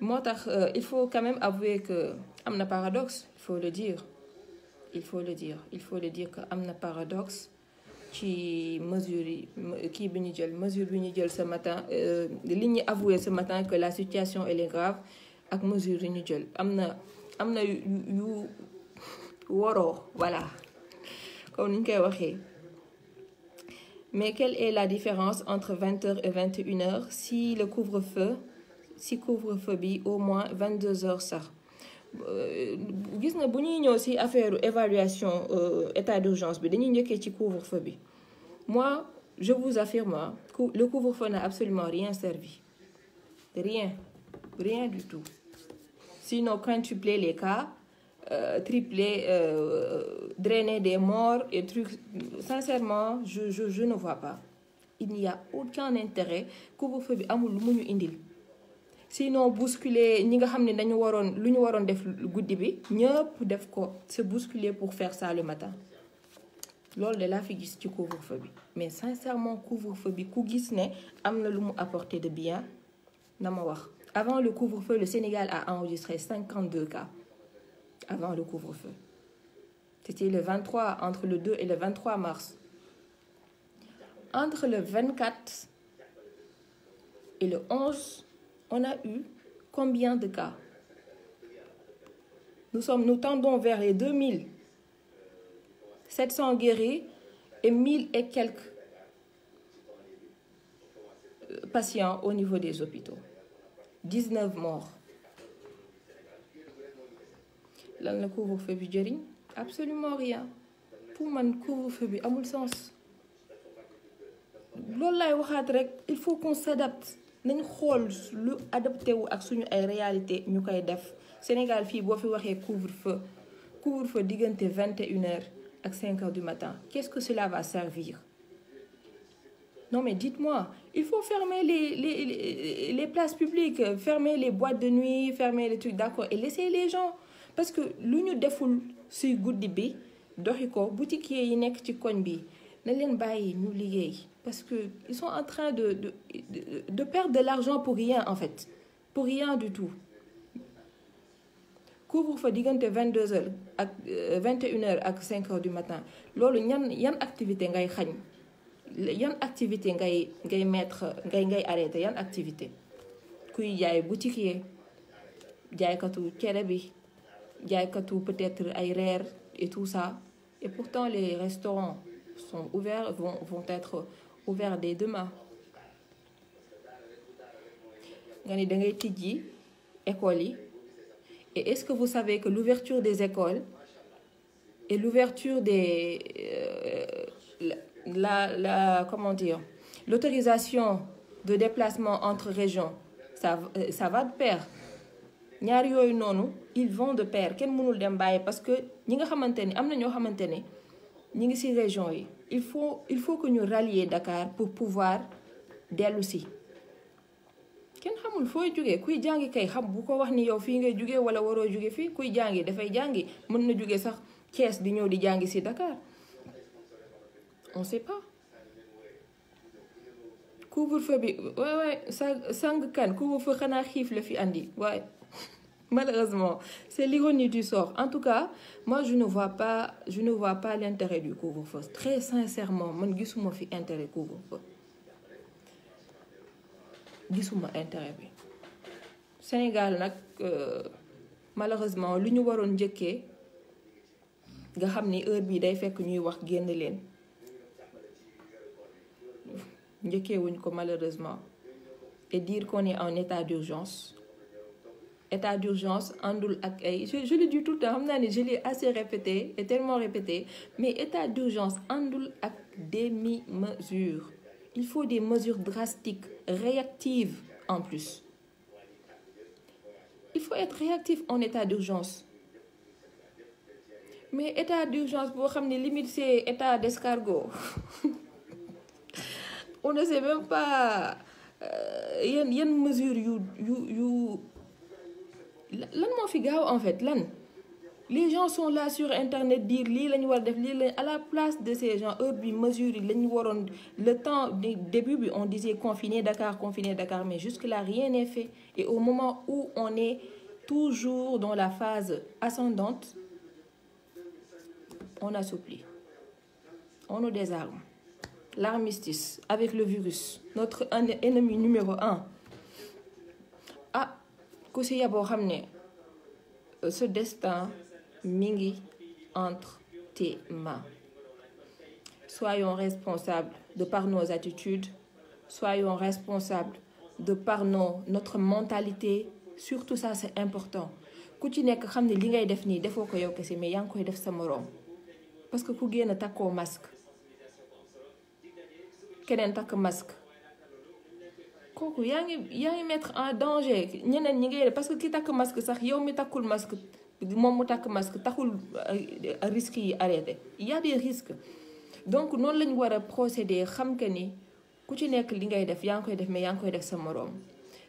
Moi, euh, il faut quand même avouer que amna paradoxe, il faut le dire. Il faut le dire. Il faut le dire que amna paradoxe. ci mesure yi kii bi ñu jël mesure bi ñu jël ce matin euh, li ñu avoué ce matin que la situation elle est grave ak mesure yi ñu jël am na am na yu waroo voilà comme ni ñu koy waxee mais quelle est la différence entre vingt heures et vingt et heures si le couvre-feu si couvre-feu bi au moins vingt deux heures sax Euh, gis nga bu ñuy ñëw si affaire évaluation euh, état d'urgence bi dañuy njëkkee ci couvre-feu bi moi je vous affirme le couvre-feu n'a absolument rien servi rien rien du tout sinon quintupler les cas euh, tripler euh, drainer des morts et trucs sincèrement je je je ne vois pas il n'y a aucun intérêt couvre-feu bi amul lu mu indil. sinon bousculer ñi nga xam ne dañu waroon lu ñu waroon def guddi bi ñëpp def ko se bousculer pour faire ça le matin loolu de laa fi gis ci couvre-feu bi mais sincèrement couvre-feu bi ku gis ne am na lu mu apporter de bien na ma wax avant le couvre-feu le Sénégal a enregistré 52 cas avant le couvre-feu c'était le 23 entre le 2 et le mars entre le 24 et le on a eu combien de cas nous, sommes, nous tendons vers les 2000. et 1000 et quelques euh, patients au niveau des hôpitaux. 19 morts. lan la couvre-feu bi jëriñ absolument rien pour man couvre-feu bi amul sens loolu laay waxaat rek il faut qu'on s'adapte nañ xool lu adapté wu ak suñu ay réalité ñu koy def Sénégal fii boo fi waxee couvre-feu couvre-feu diggante vingt et une heures ak cinq heures du matin qu'est-ce que cela va servir non mais dites-moi il faut ferme les, les publique les places publiques les boîtes de nuit fermer les trucs d'accord et laisser les gens parce que lu ñu deful si guddi bi doxi ko boutiquier yi nekk ci koñ bi nañ leen bàyyi ñu liggéey parce que ils sont en train de de de perdre de l'argent pour rien en fait pour rien du tout couvre-feu diggante 22 heures ak 21 euh, heures ak cinq heures du matin loolu ñan yan activité ngay xañ yan activité ngay ngay mettre ngay ngay arrêté yan activité kuy jaay boutiquier jaaykatu cere bi jaaykatu peut-être ay reer et tout ça et pourtant les restaurants son ouverts vont, vont être ouverts dès demain nga ni da ngay tijji écoles yi et est-ce que vous savez que l'ouverture des écoles et l'ouverture des euh, la la comment dire l'autorisation de déplacement entre régions ça euh, ça va de pair ñaar yooyu noonu ils von de pair kenn mënul dem bàyyi parce que ñi nga xamante ni am na ñoo xamante ni ñi ngi ci région yi il faut il faut que ñu rallier dakaar pour pouvoir dellu si kenn xamul fooy jógee kuy jàngi kay xam bu ko wax ni yow fii ngay jóge walla waroo jóge fii kuy jàngi dafay jàngi mën na jóge sax Thiès di ñëw di jàngi ci Dakar on sait pas couvre-feu bi waay waay sang kan couvre-feu xanaa xiif la fi andi waaye (laughs) malheureusement. C'est l'ironie du sort. En tout cas, moi, je ne vois pas, je ne vois pas l'intérêt du couvre-feu. Très sincèrement, man gisuma fi intérêt couvre-feu. gisuma intérêt bi. Sénégal nag euh, malheureusement lu ñu waroon njëkkee nga xam ni heure bii day fekk ñuy wax génn leen njëkkee ko malheureusement et dire qu'on en état d'urgence état d'urgence àndul ak ay je je le dis tout le temps xam je l'ai assez répété et tellement répété mais état d'urgence àndul ak demi-mesure il faut des mesures drastiques réactives en plus il faut être réactif en état d'urgence mais état d'urgence boo xam ne limite c'est état d'escargot (laughs) on ne sait même pas euh, yan yan mesure yu lan moo fi en fait lan les gens sont là sur internet dire lii la ñu war a def lii à la place de ces gens heure bi mesure yi la ñu waroon le temps du début bi on disait confiner Dakar confiné Dakar mais jusque là rien n'est fait et au moment où on est toujours dans la phase ascendante on assouplit on nous désarme l'armistice avec le virus notre ennemi numéro ku si yaboo xam ne ce destin mi ngi entre tes mains soyons responsables de par nos attitudes soyons responsables de par nos notre mentalité surtout ça c'est important ku ci nekk xam ne li ngay def nii defoo ko yow kese mais yaa ngi koy def sa moroom parce que ku génn takkoo masque keneen takk masque kooku yaa ngi yaa mettre en danger ñeneen ñi ngay parce que ki takk masque sax yow mi takkul masque moom mu takk masque taxul euh, risques yi arrêté y a des donc noonu lañ war a procéder xam que ni ku ci nekk li ngay def yaa ngi koy def mais yaa ngi koy def sa moroom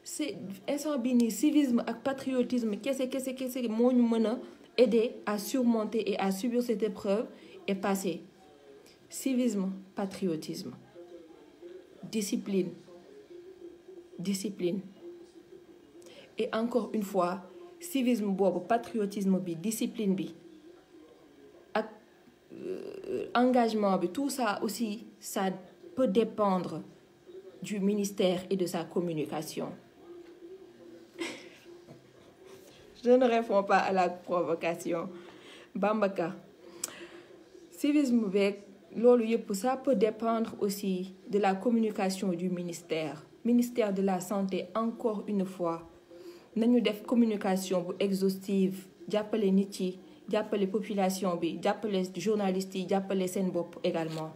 c'est instant bi nii civisme ak patriotisme kese kese kese moo ñu mën a aider à surmonter et à subir cette épreuve et passer civisme patriotisme discipline discipline et encore une fois civisme boobu patriotisme bi discipline bi ak euh, engagement bi tout ça aussi ça peut dépendre du ministère et de sa communication (laughs) je ne réponds pas à la provocation Bambaka civisme beeg loolu yëpp ça peut dépendre aussi de la communication du ministère ministère de la santé encore une fois nañu def communication bu exhaustive jàppale nit yi jàppale population bi jàppale journalistes yi jàppale seen bopp également.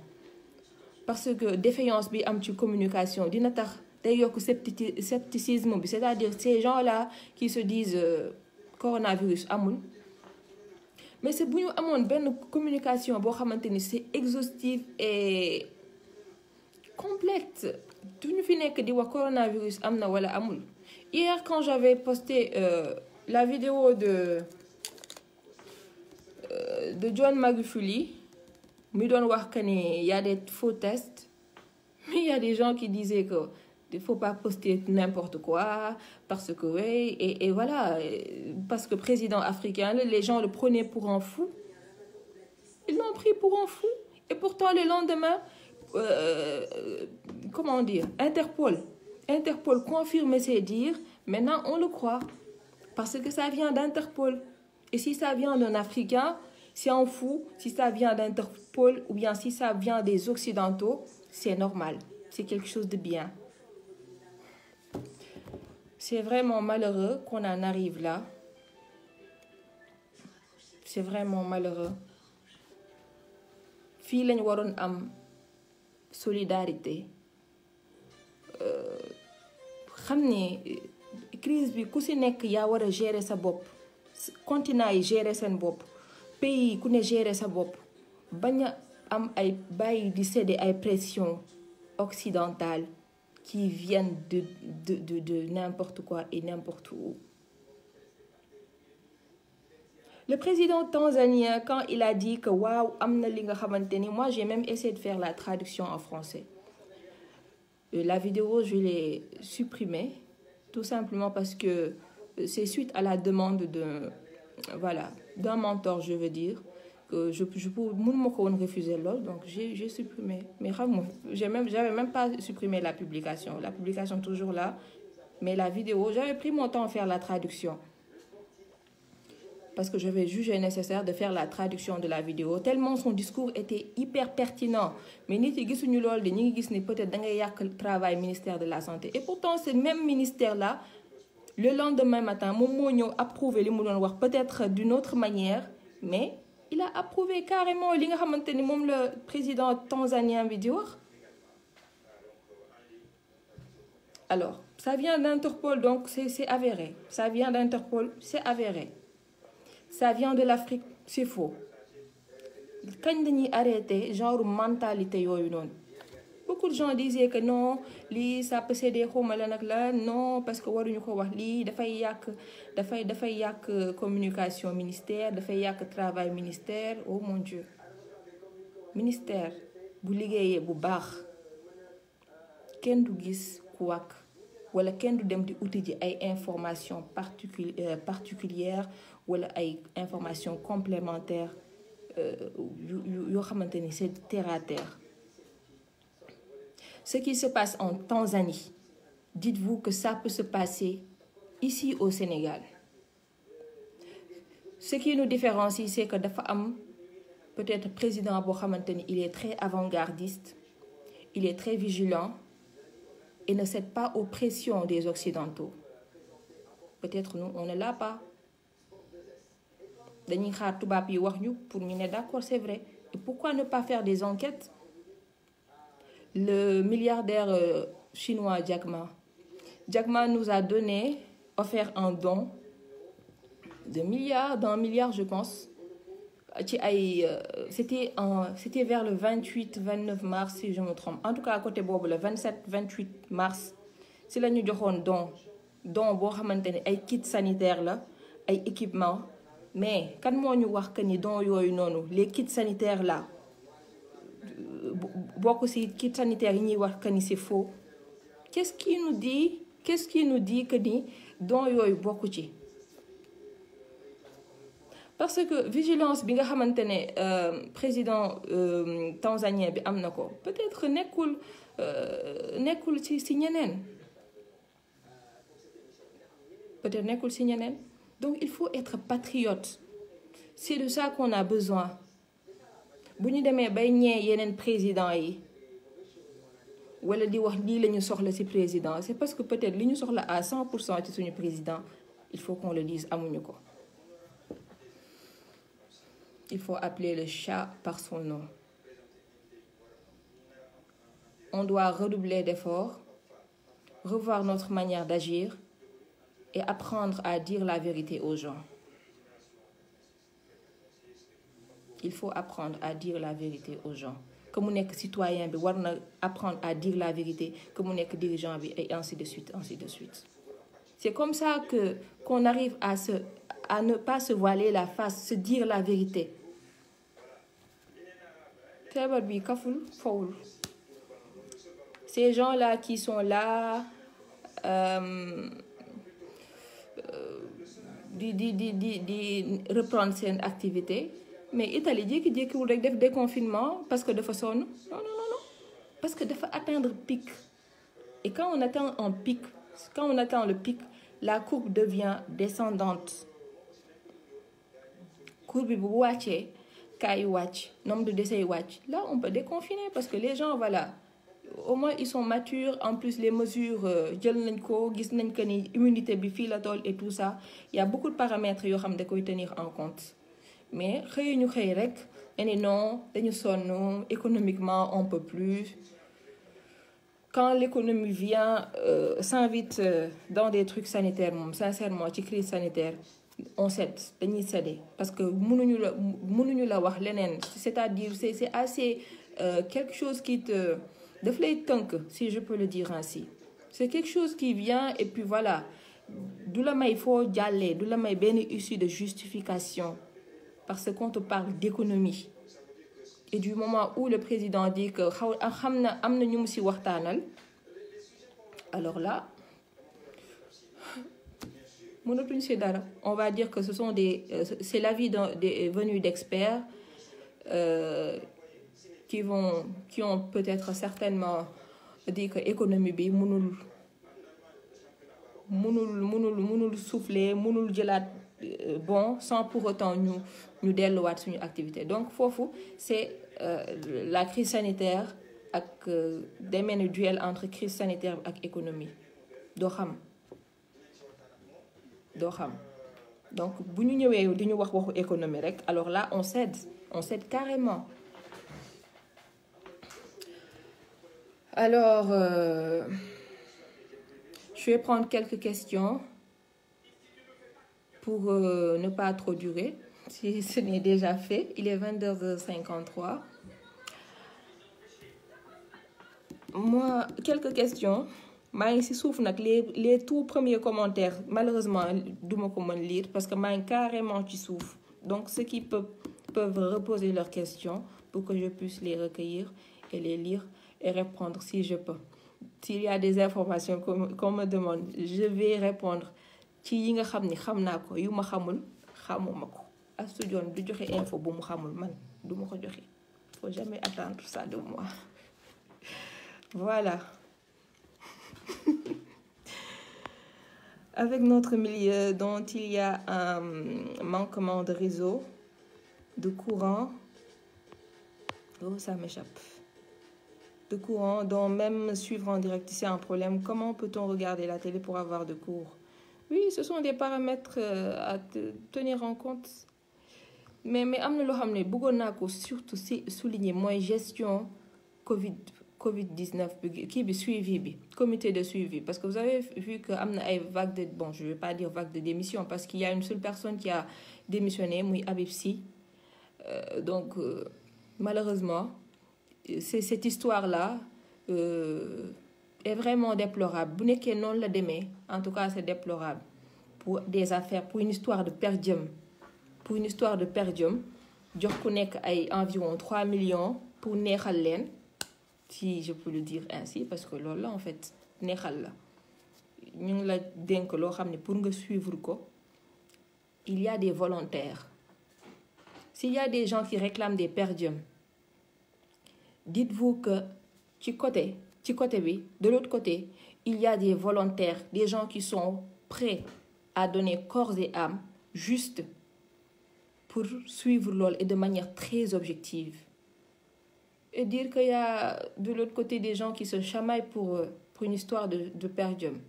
parce que défaillance bi am ci communication dina tax te yokk septi scepticisme bi c'est-à-dire ces gens-là qui se disent euh, coronavirus amul. mais c'est bu ñu amoon benn communication boo xamante ni c'est exhaustive et complète. du ñu fi nekk di wax coronavirus am na wala amul hier quand j'avais posté euh, la vidéo de euh, de John Magufuli mu doon wax que ni y a des faux tests (laughs) mais il y a des gens qui disaient que il faut pas poster n'importe quoi parce que oui et, et voilà parce que président africain les gens le prenaient pour un fou ils l'ont pris pour un fou et pourtant le lendemain Euh, euh, comment dire Interpol Interpol confirme ses dires maintenant on le croit parce que ça vient d'Interpol et si ça vient d'un Africain si on fout si ça vient d'Interpol ou bien si vient des Occidentaux c'est normal c'est quelque chose de bien c'est vraiment malheureux qu'on en arrive là c'est vraiment malheureux fii waroon am solidarité euh, xam ni euh, crise bi ku si nekk yaa war a gérer sa bopp continent yi gérer seen bopp pays yi ku ne gérer sa bopp bañ a am ay bàyyi di céder ay pression occidentale qui viennent de de de n'importe quoi et n'importe où le président tanzanien quand il a dit que waaw am na li nga xamante ni moi j'ai même essayé de faire la traduction en français euh, la vidéo je l'ai supprimée tout simplement parce que euh, c'est suite à la demande de euh, voilà d'un mentor je veux dire que je je pour mënuma ko woon refuser lool donc j'ai j'ai supprimé mais xam nga j'ai même j'avais même pas supprimé la publication la publication toujours là mais la vidéo j'avais pris mon temps à faire la traduction parce que j'avais jugé nécessaire de faire la traduction de la vidéo tellement son discours était hyper mais nit yi gisuñu loolu de ñu ngi gis ni peut-être da ngay yàq travail ministère de la santé et pourtant ce même ministère là le lendemain matin moom moo ñëw approuvé li mu doon wax peut-être d'une autre manière mais il a approuvé carrément li nga xamante ni moom le président tanzanien bi di wax alors ça vient d'Interpol donc c'est c'est avéré ça vient d'Interpol c'est avéré ça vient de l'Afrique c'est faux kañ dañuy arrêter genre mentalité yooyu noonu beaucoup de gens disaient que non lii ça peut céder la nag la non parce que waruñu ko wax lii dafay yàq dafay dafay yàq communication ministère dafay yàq travail ministère oh mon Dieu ministère bu liggéeyee bu baax kenn du gis ku wàkk wala kenn du dem di uti ji ay information particuli euh, particulière wala ay information complémentaire euh, yoo xamante ni c'est terre à terre ce qui se passe en Tanzanie dites-vous que ça peut se passer ici au Sénégal ce qui nous différencie c'est que dafa am peut-être président boo xamante ni il est très avant-gardiste il est très vigilant et ne cède pas aux pressions des Occidentaux peut-être nous on ne l'a pas dañuy xaar tubaab yi wax ñu pour ñu ne d'accord c'est vrai et pourquoi ne pas faire des enquêtes le milliardaire euh, chinois Jack Ma Jack Ma nous a donné offert un don de milliards d'un milliard je pense ci ay euh, c'était en c'était vers le 28 29 mars si je me trompe en tout cas côté boobu la 27 28 mars si la ñu joxoon don don boo xamante ni ay kits sanitaires la ay équipement mais kan moo ñu wax que ni don yooyu noonu les kits sanitaires là euh, bokk ci kits sanitaires yi ñuy wax que ni c'est faux qu'est-ce qui di dit que ni don yooyu bokk ci parce que vigilance bi nga xamante ne euh, président euh, tanzanien bi am na ko peut-être nekkul euh, nekkul ci ci ñeneen peut-être nekkul ci ñeneen donc il faut être patriote c'est de ça qu'on a besoin bu ñu demee bay ñee yeneen président yi wala di wax lii la ñu soxla ci président c'est parce que peut-être li ñu soxla à 100 pour cent ci suñu président il faut qu'on le dise amuñu ko il faut appeler le chat par son nom. On doit redoubler d'efforts, revoir notre manière d'agir et apprendre à dire la vérité aux gens. Il faut apprendre à dire la vérité aux gens. que mu nekk citoyen bi war na apprendre à dire la vérité que mu nekk dirigeant bi et ainsi de suite ainsi de suite. C'est comme ça qu'on arrive à se à ne pas se voiler la face se dire la vérité feebar bi kaful fowul ces gens-là qui sont là euh, euh, di di di di di reprendre seen activité mais Italie jékki-jékkiwul rek def déconfinement parce que dafa sonn non non non non parce que dafa atteindre pic et quand on atteint un pic quand on atteint le pic la courbe devient descendante cours bi bu wàccee cas yi wàcc nombre de décès wàcc là on peut déconfiner parce que les gens voilà au moins ils sont matures en plus les mesures euh, jël nañ ko gis nañ que ni immunité bi fii la tool et tout ça il y beaucoup de paramètres yoo xam da koy tenir en compte mais xëyu ñu xëy rek ne non dañu sonn économiquement on peut plus quand l'économie vient euh, s'invite euh, dans des trucs sanitaires moom sincèrement ci crise sanitaire on cède dañuy céder parce que mënuñu la mënuñu la wax leneen c'est-à-dire c'est c'est assez euh, quelque chose qui te daf lay tënk si je peux le dire ainsi c'est quelque chose qui vient et puis voilà du la may foo jàllee du la may benn issue de justification parce qu'on te parle d'économie et du moment où le président dit que xaw na am na ñu mu si waxtaanal alors là mënatuñ si dara on va dire que ce sont des euh, c'est l'avis des euh, venus d'experts euh, qui vont qui ont peut-être certainement dit que économie bi mënul mënul mënul mënul souffler mënul jëlaat euh, bon sans pour autant ñu ñu delluwaat suñu activité donc foofu c'est euh, la crise sanitaire ak euh, des menu duel entre crise sanitaire ak économie doo xam doo donc bu ñu ñëwee di wax waxu économie rek alors là on cède on cède carrément alors euh, je vais prendre quelques questions pour euh, ne pas trop durer si (laughs) ce n'est déjà fait il est 22 quelques questions maa ngi si suuf nag les les tout premier commentaires malheureusement duma ko mën liir parce que maa ngi carrément ci suuf donc ceux qui peuvent peuvent reposer leurs questions pour que je puisse les recueillir et les lire et répondre si je peux s'il y des informations qu'on me demande je vais répondre ci yi nga xam ni xam naa ko yu ma xamul xamuma ko Astou Dione du joxe info bu mu xamul man du ma ko joxe faut jamais attendre ça de moi (laughs) voilà (laughs) Avec notre milieu dont il y a un manquement de réseau, de courant, oh ça m'échappe, de courant dont même suivre en direct c'est un problème, comment peut-on regarder la télé pour avoir de cours Oui, ce sont des paramètres euh, à tenir en compte. mais mais am na loo xam ne bëggoon naa ko surtout si souligner mooy gestion Covid COVID-19 bi kii bi suivi bi comité de suivi parce que vous avez vu que am na ay vague de bon je vais pas dire vague de démission parce qu'il y a une seule personne qui a démissionné muy Habib Sy euh, donc euh, malheureusement c'est cette histoire là euh, est vraiment déplorable bu nekkee noonu la demee en tout cas c'est déplorable pour des affaires pour une histoire de perdium pour une histoire de perdium jox ku nekk ay environ 3 millions pour neexal leen si je peux le dire ainsi parce que loolu la en fait neexal la ñu ngi la dénk loo xam ne pour nga suivre ko il y a des volontaires s'il y des gens qui réclament des per diem dites-vous que ci côté ci bi de l'autre côté il y des volontaires des gens qui sont prêts à donner corps et âme juste pour suivre loolu et de manière très objective et dire qu'il y a de côté des gens qui se chamaillent pour, euh, pour une histoire de, de perdium.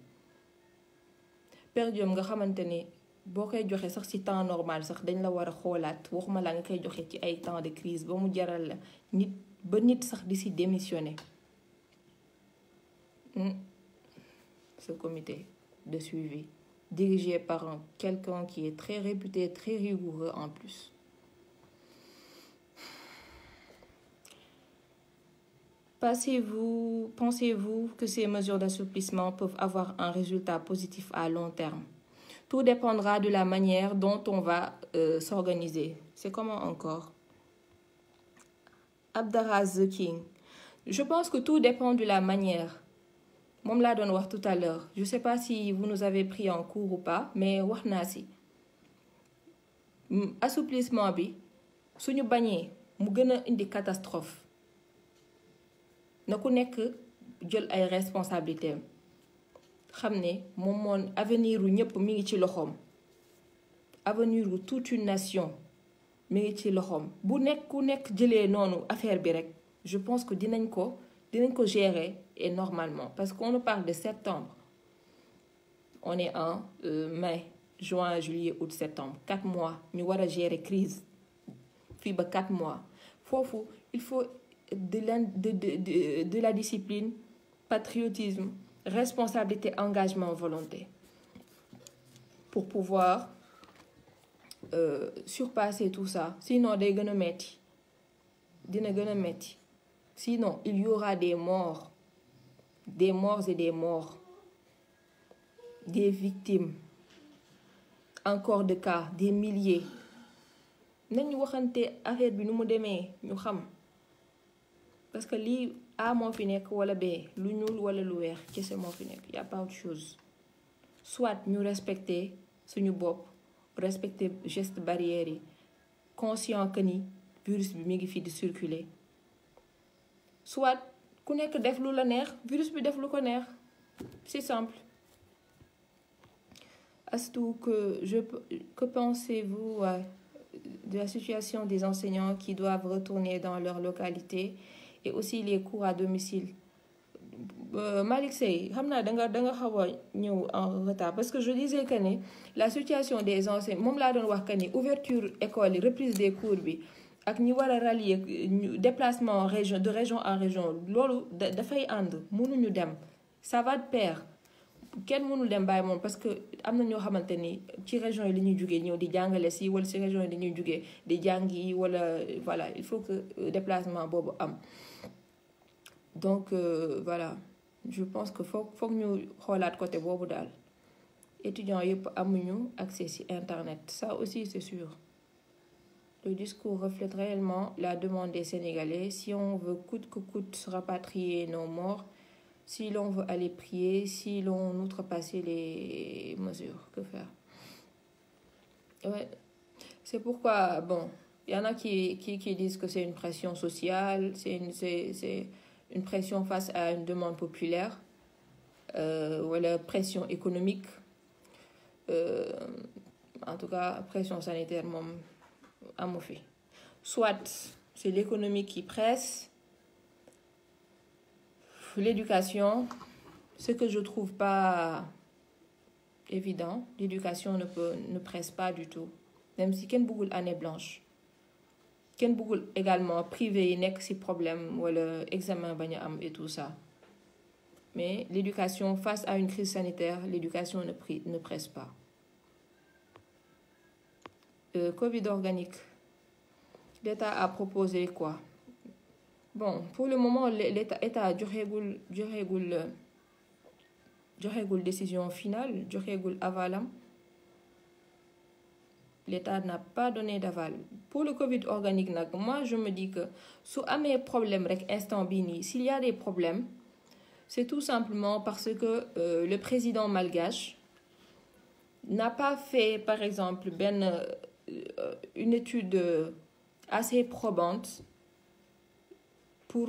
Perdium, nga xamante ni boo koy joxe sax ci temps normal sax dañ la war a xoolaat waxuma laa nga koy joxe ci ay temps de crise ba mu jaral la nit ba nit sax di si démissionner. Hmm. Ce comité de suivi, dirigé par quelqu'un qui est très réputé, très rigoureux en plus. Pensez-vous pensez que ces mesures d'assouplissement peuvent avoir un résultat positif à long terme Tout dépendra de la manière dont on va euh, s'organiser. C'est comment encore Abdaraz The King. Je pense que tout dépend de la manière. moom laa doon wax tout à l'heure je sais pas si vous nous avez pris en cours ou pas mais wax naa si mm, assouplissement bi suñu bañee mu gën a indi catastrophe na ku nekk jël ay responsabilité xam ne moom moon avenir wu ñëpp mi ngi ci loxoom avenir wu tout une nation mu ngi ci loxoom bu nekk ku nekk jëlee noonu affaire bi rek je pense que dinañ ko dinañ ko gérer et normalement parce que nous parle de septembre on est en euh, mai juin juillet août septembre quatre mois ñu war a gérer crise fii ba quatre mois foofu il faut de la, de, de, discipline, patriotisme, responsabilité, engagement, volonté. Pour pouvoir euh, surpasser tout ça. Sinon, day gën a metti dina gën a metti sinon il y des morts des morts et des morts des victimes encore de cas des milliers nañu waxante affaire bi nu mu demee ñu xam parce que lii A moo fi nekk wala B lu ñuul wala lu weex kese moo fi nekk y a pas autre chose soit ñu respecter suñu bopp respecter geste barrière yi conscient que ni virus bi mi ngi fi di circuler soit ku nekk def lu la neex virus bi def lu ko neex c'est simple. Astou, que, je, que pensez-vous euh, de la situation des enseignants qui doivent retourner dans leur localité et aussi les cours à domicile euh, Malick Sey xam naa da nga da nga xaw ñëw en retard parce que je disais que ni la situation des enseignants moom laa doon wax que ni ouverture école yi reprise des cours bi ak ñi war a rallier déplacement région de région en région loolu dafay ànd mënuñu dem ça va kenn mënul dem bàyyi moom parce que am na ñoo xamante ni ci région yi li ñuy jugee ñëw di jàngale si wala si région yi li jugee di jàng yi wala voilà il faut que euh, déplacement boobu am donc euh, voilà je pense que foog foog ñu xoolaat côté boobu daal étudiants yëpp amuñu accès si internet ça aussi c'est sûr le discours reflète réellement la demande des Sénégalais si on veut coûte que coûte rapatrier nos morts si l'on veut aller prier, si l'on outrepasse les mesures, que faire ouais. C'est pourquoi, bon, il y en a qui, qui, qui disent que c'est une pression sociale, c'est une, c'est, c'est une pression face à une demande populaire, euh, ou la pression économique, euh, en tout cas, pression sanitaire, mon, à mon fait. Soit c'est l'économie qui presse, sur l'éducation, ce que je trouve pas évident, l'éducation ne, peut, ne presse pas du tout. Même si Ken Bougoul année blanche. Ken Bougoul également privé, il n'y a que problèmes, ou l'examen et tout ça. Mais l'éducation, face à une crise sanitaire, l'éducation ne, ne presse pas. Euh, Covid organique. L'État a proposé quoi bon pour le moment l'état état joxeegul joxeegul joxeegul décision finale joxeegul avalam l'état n'a pas donné d'aval pour le covid organique nag moi je me dis que su amee problème rek instant bii nii s'il y a des problèmes c'est tout simplement parce que euh, le président malgache n'a pas fait par exemple benn euh, une étude assez probante pour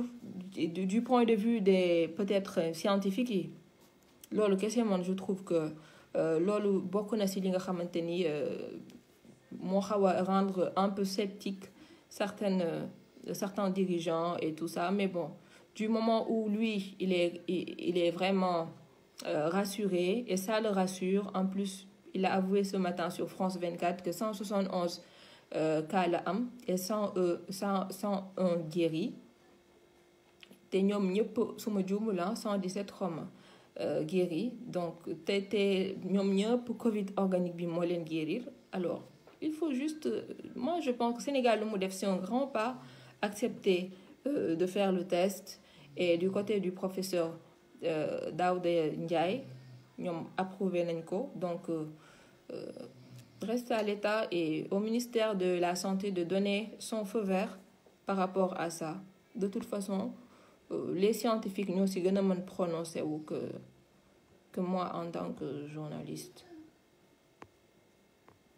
du, du point de vue des peut-être euh, scientifiques yi loolu kese man je trouve que euh, loolu bokk na ci li nga xamante ni euh, moo xaw a rendre un peu sceptique certaines certains dirigeants et tout ça mais bon du moment où lui il est il est vraiment rassuré et ça le rassure en plus il a avoué ce matin sur France 24 que 171 cas la am et 101 guéris te ñoom ñëpp suma ah, cent juumul 117 Romains guéris donc te te ñoom ñëpp Covid organique bi moo leen guérir alors il faut juste euh, moi je pense que Sénégal lu mu def c'est un grand pas accepter euh, de faire le test et du côté du professeur euh, Daouda Ndiaye ñoom approuvé nañ ko donc euh, euh, reste à l'État et au ministère de la Santé de donner son feu vert par rapport à ça de toute façon Euh, les scientifiques ñoo si gën a mën prononcé wu que que moi en tant que journaliste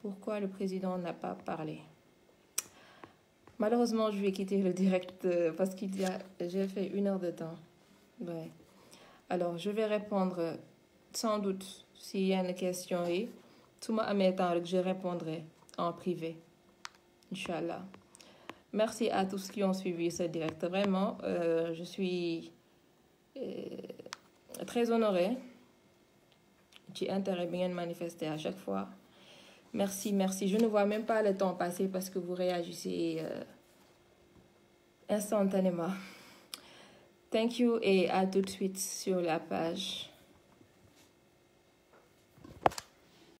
pourquoi le président n'a pas parlé malheureusement je vais quitter le direct euh, parce qu'il y a j'ai fait une heure de temps ouais. alors je vais répondre sans doute si yenn question yi su ma amee temps rek je répondrai en privé incha allah Merci à tous qui ont suivi ce direct. Vraiment, euh, je suis euh, très honorée du intérêt bien manifesté à chaque fois. Merci, merci. Je ne vois même pas le temps passer parce que vous réagissez euh, instantanément. Thank you et à tout de suite sur la page.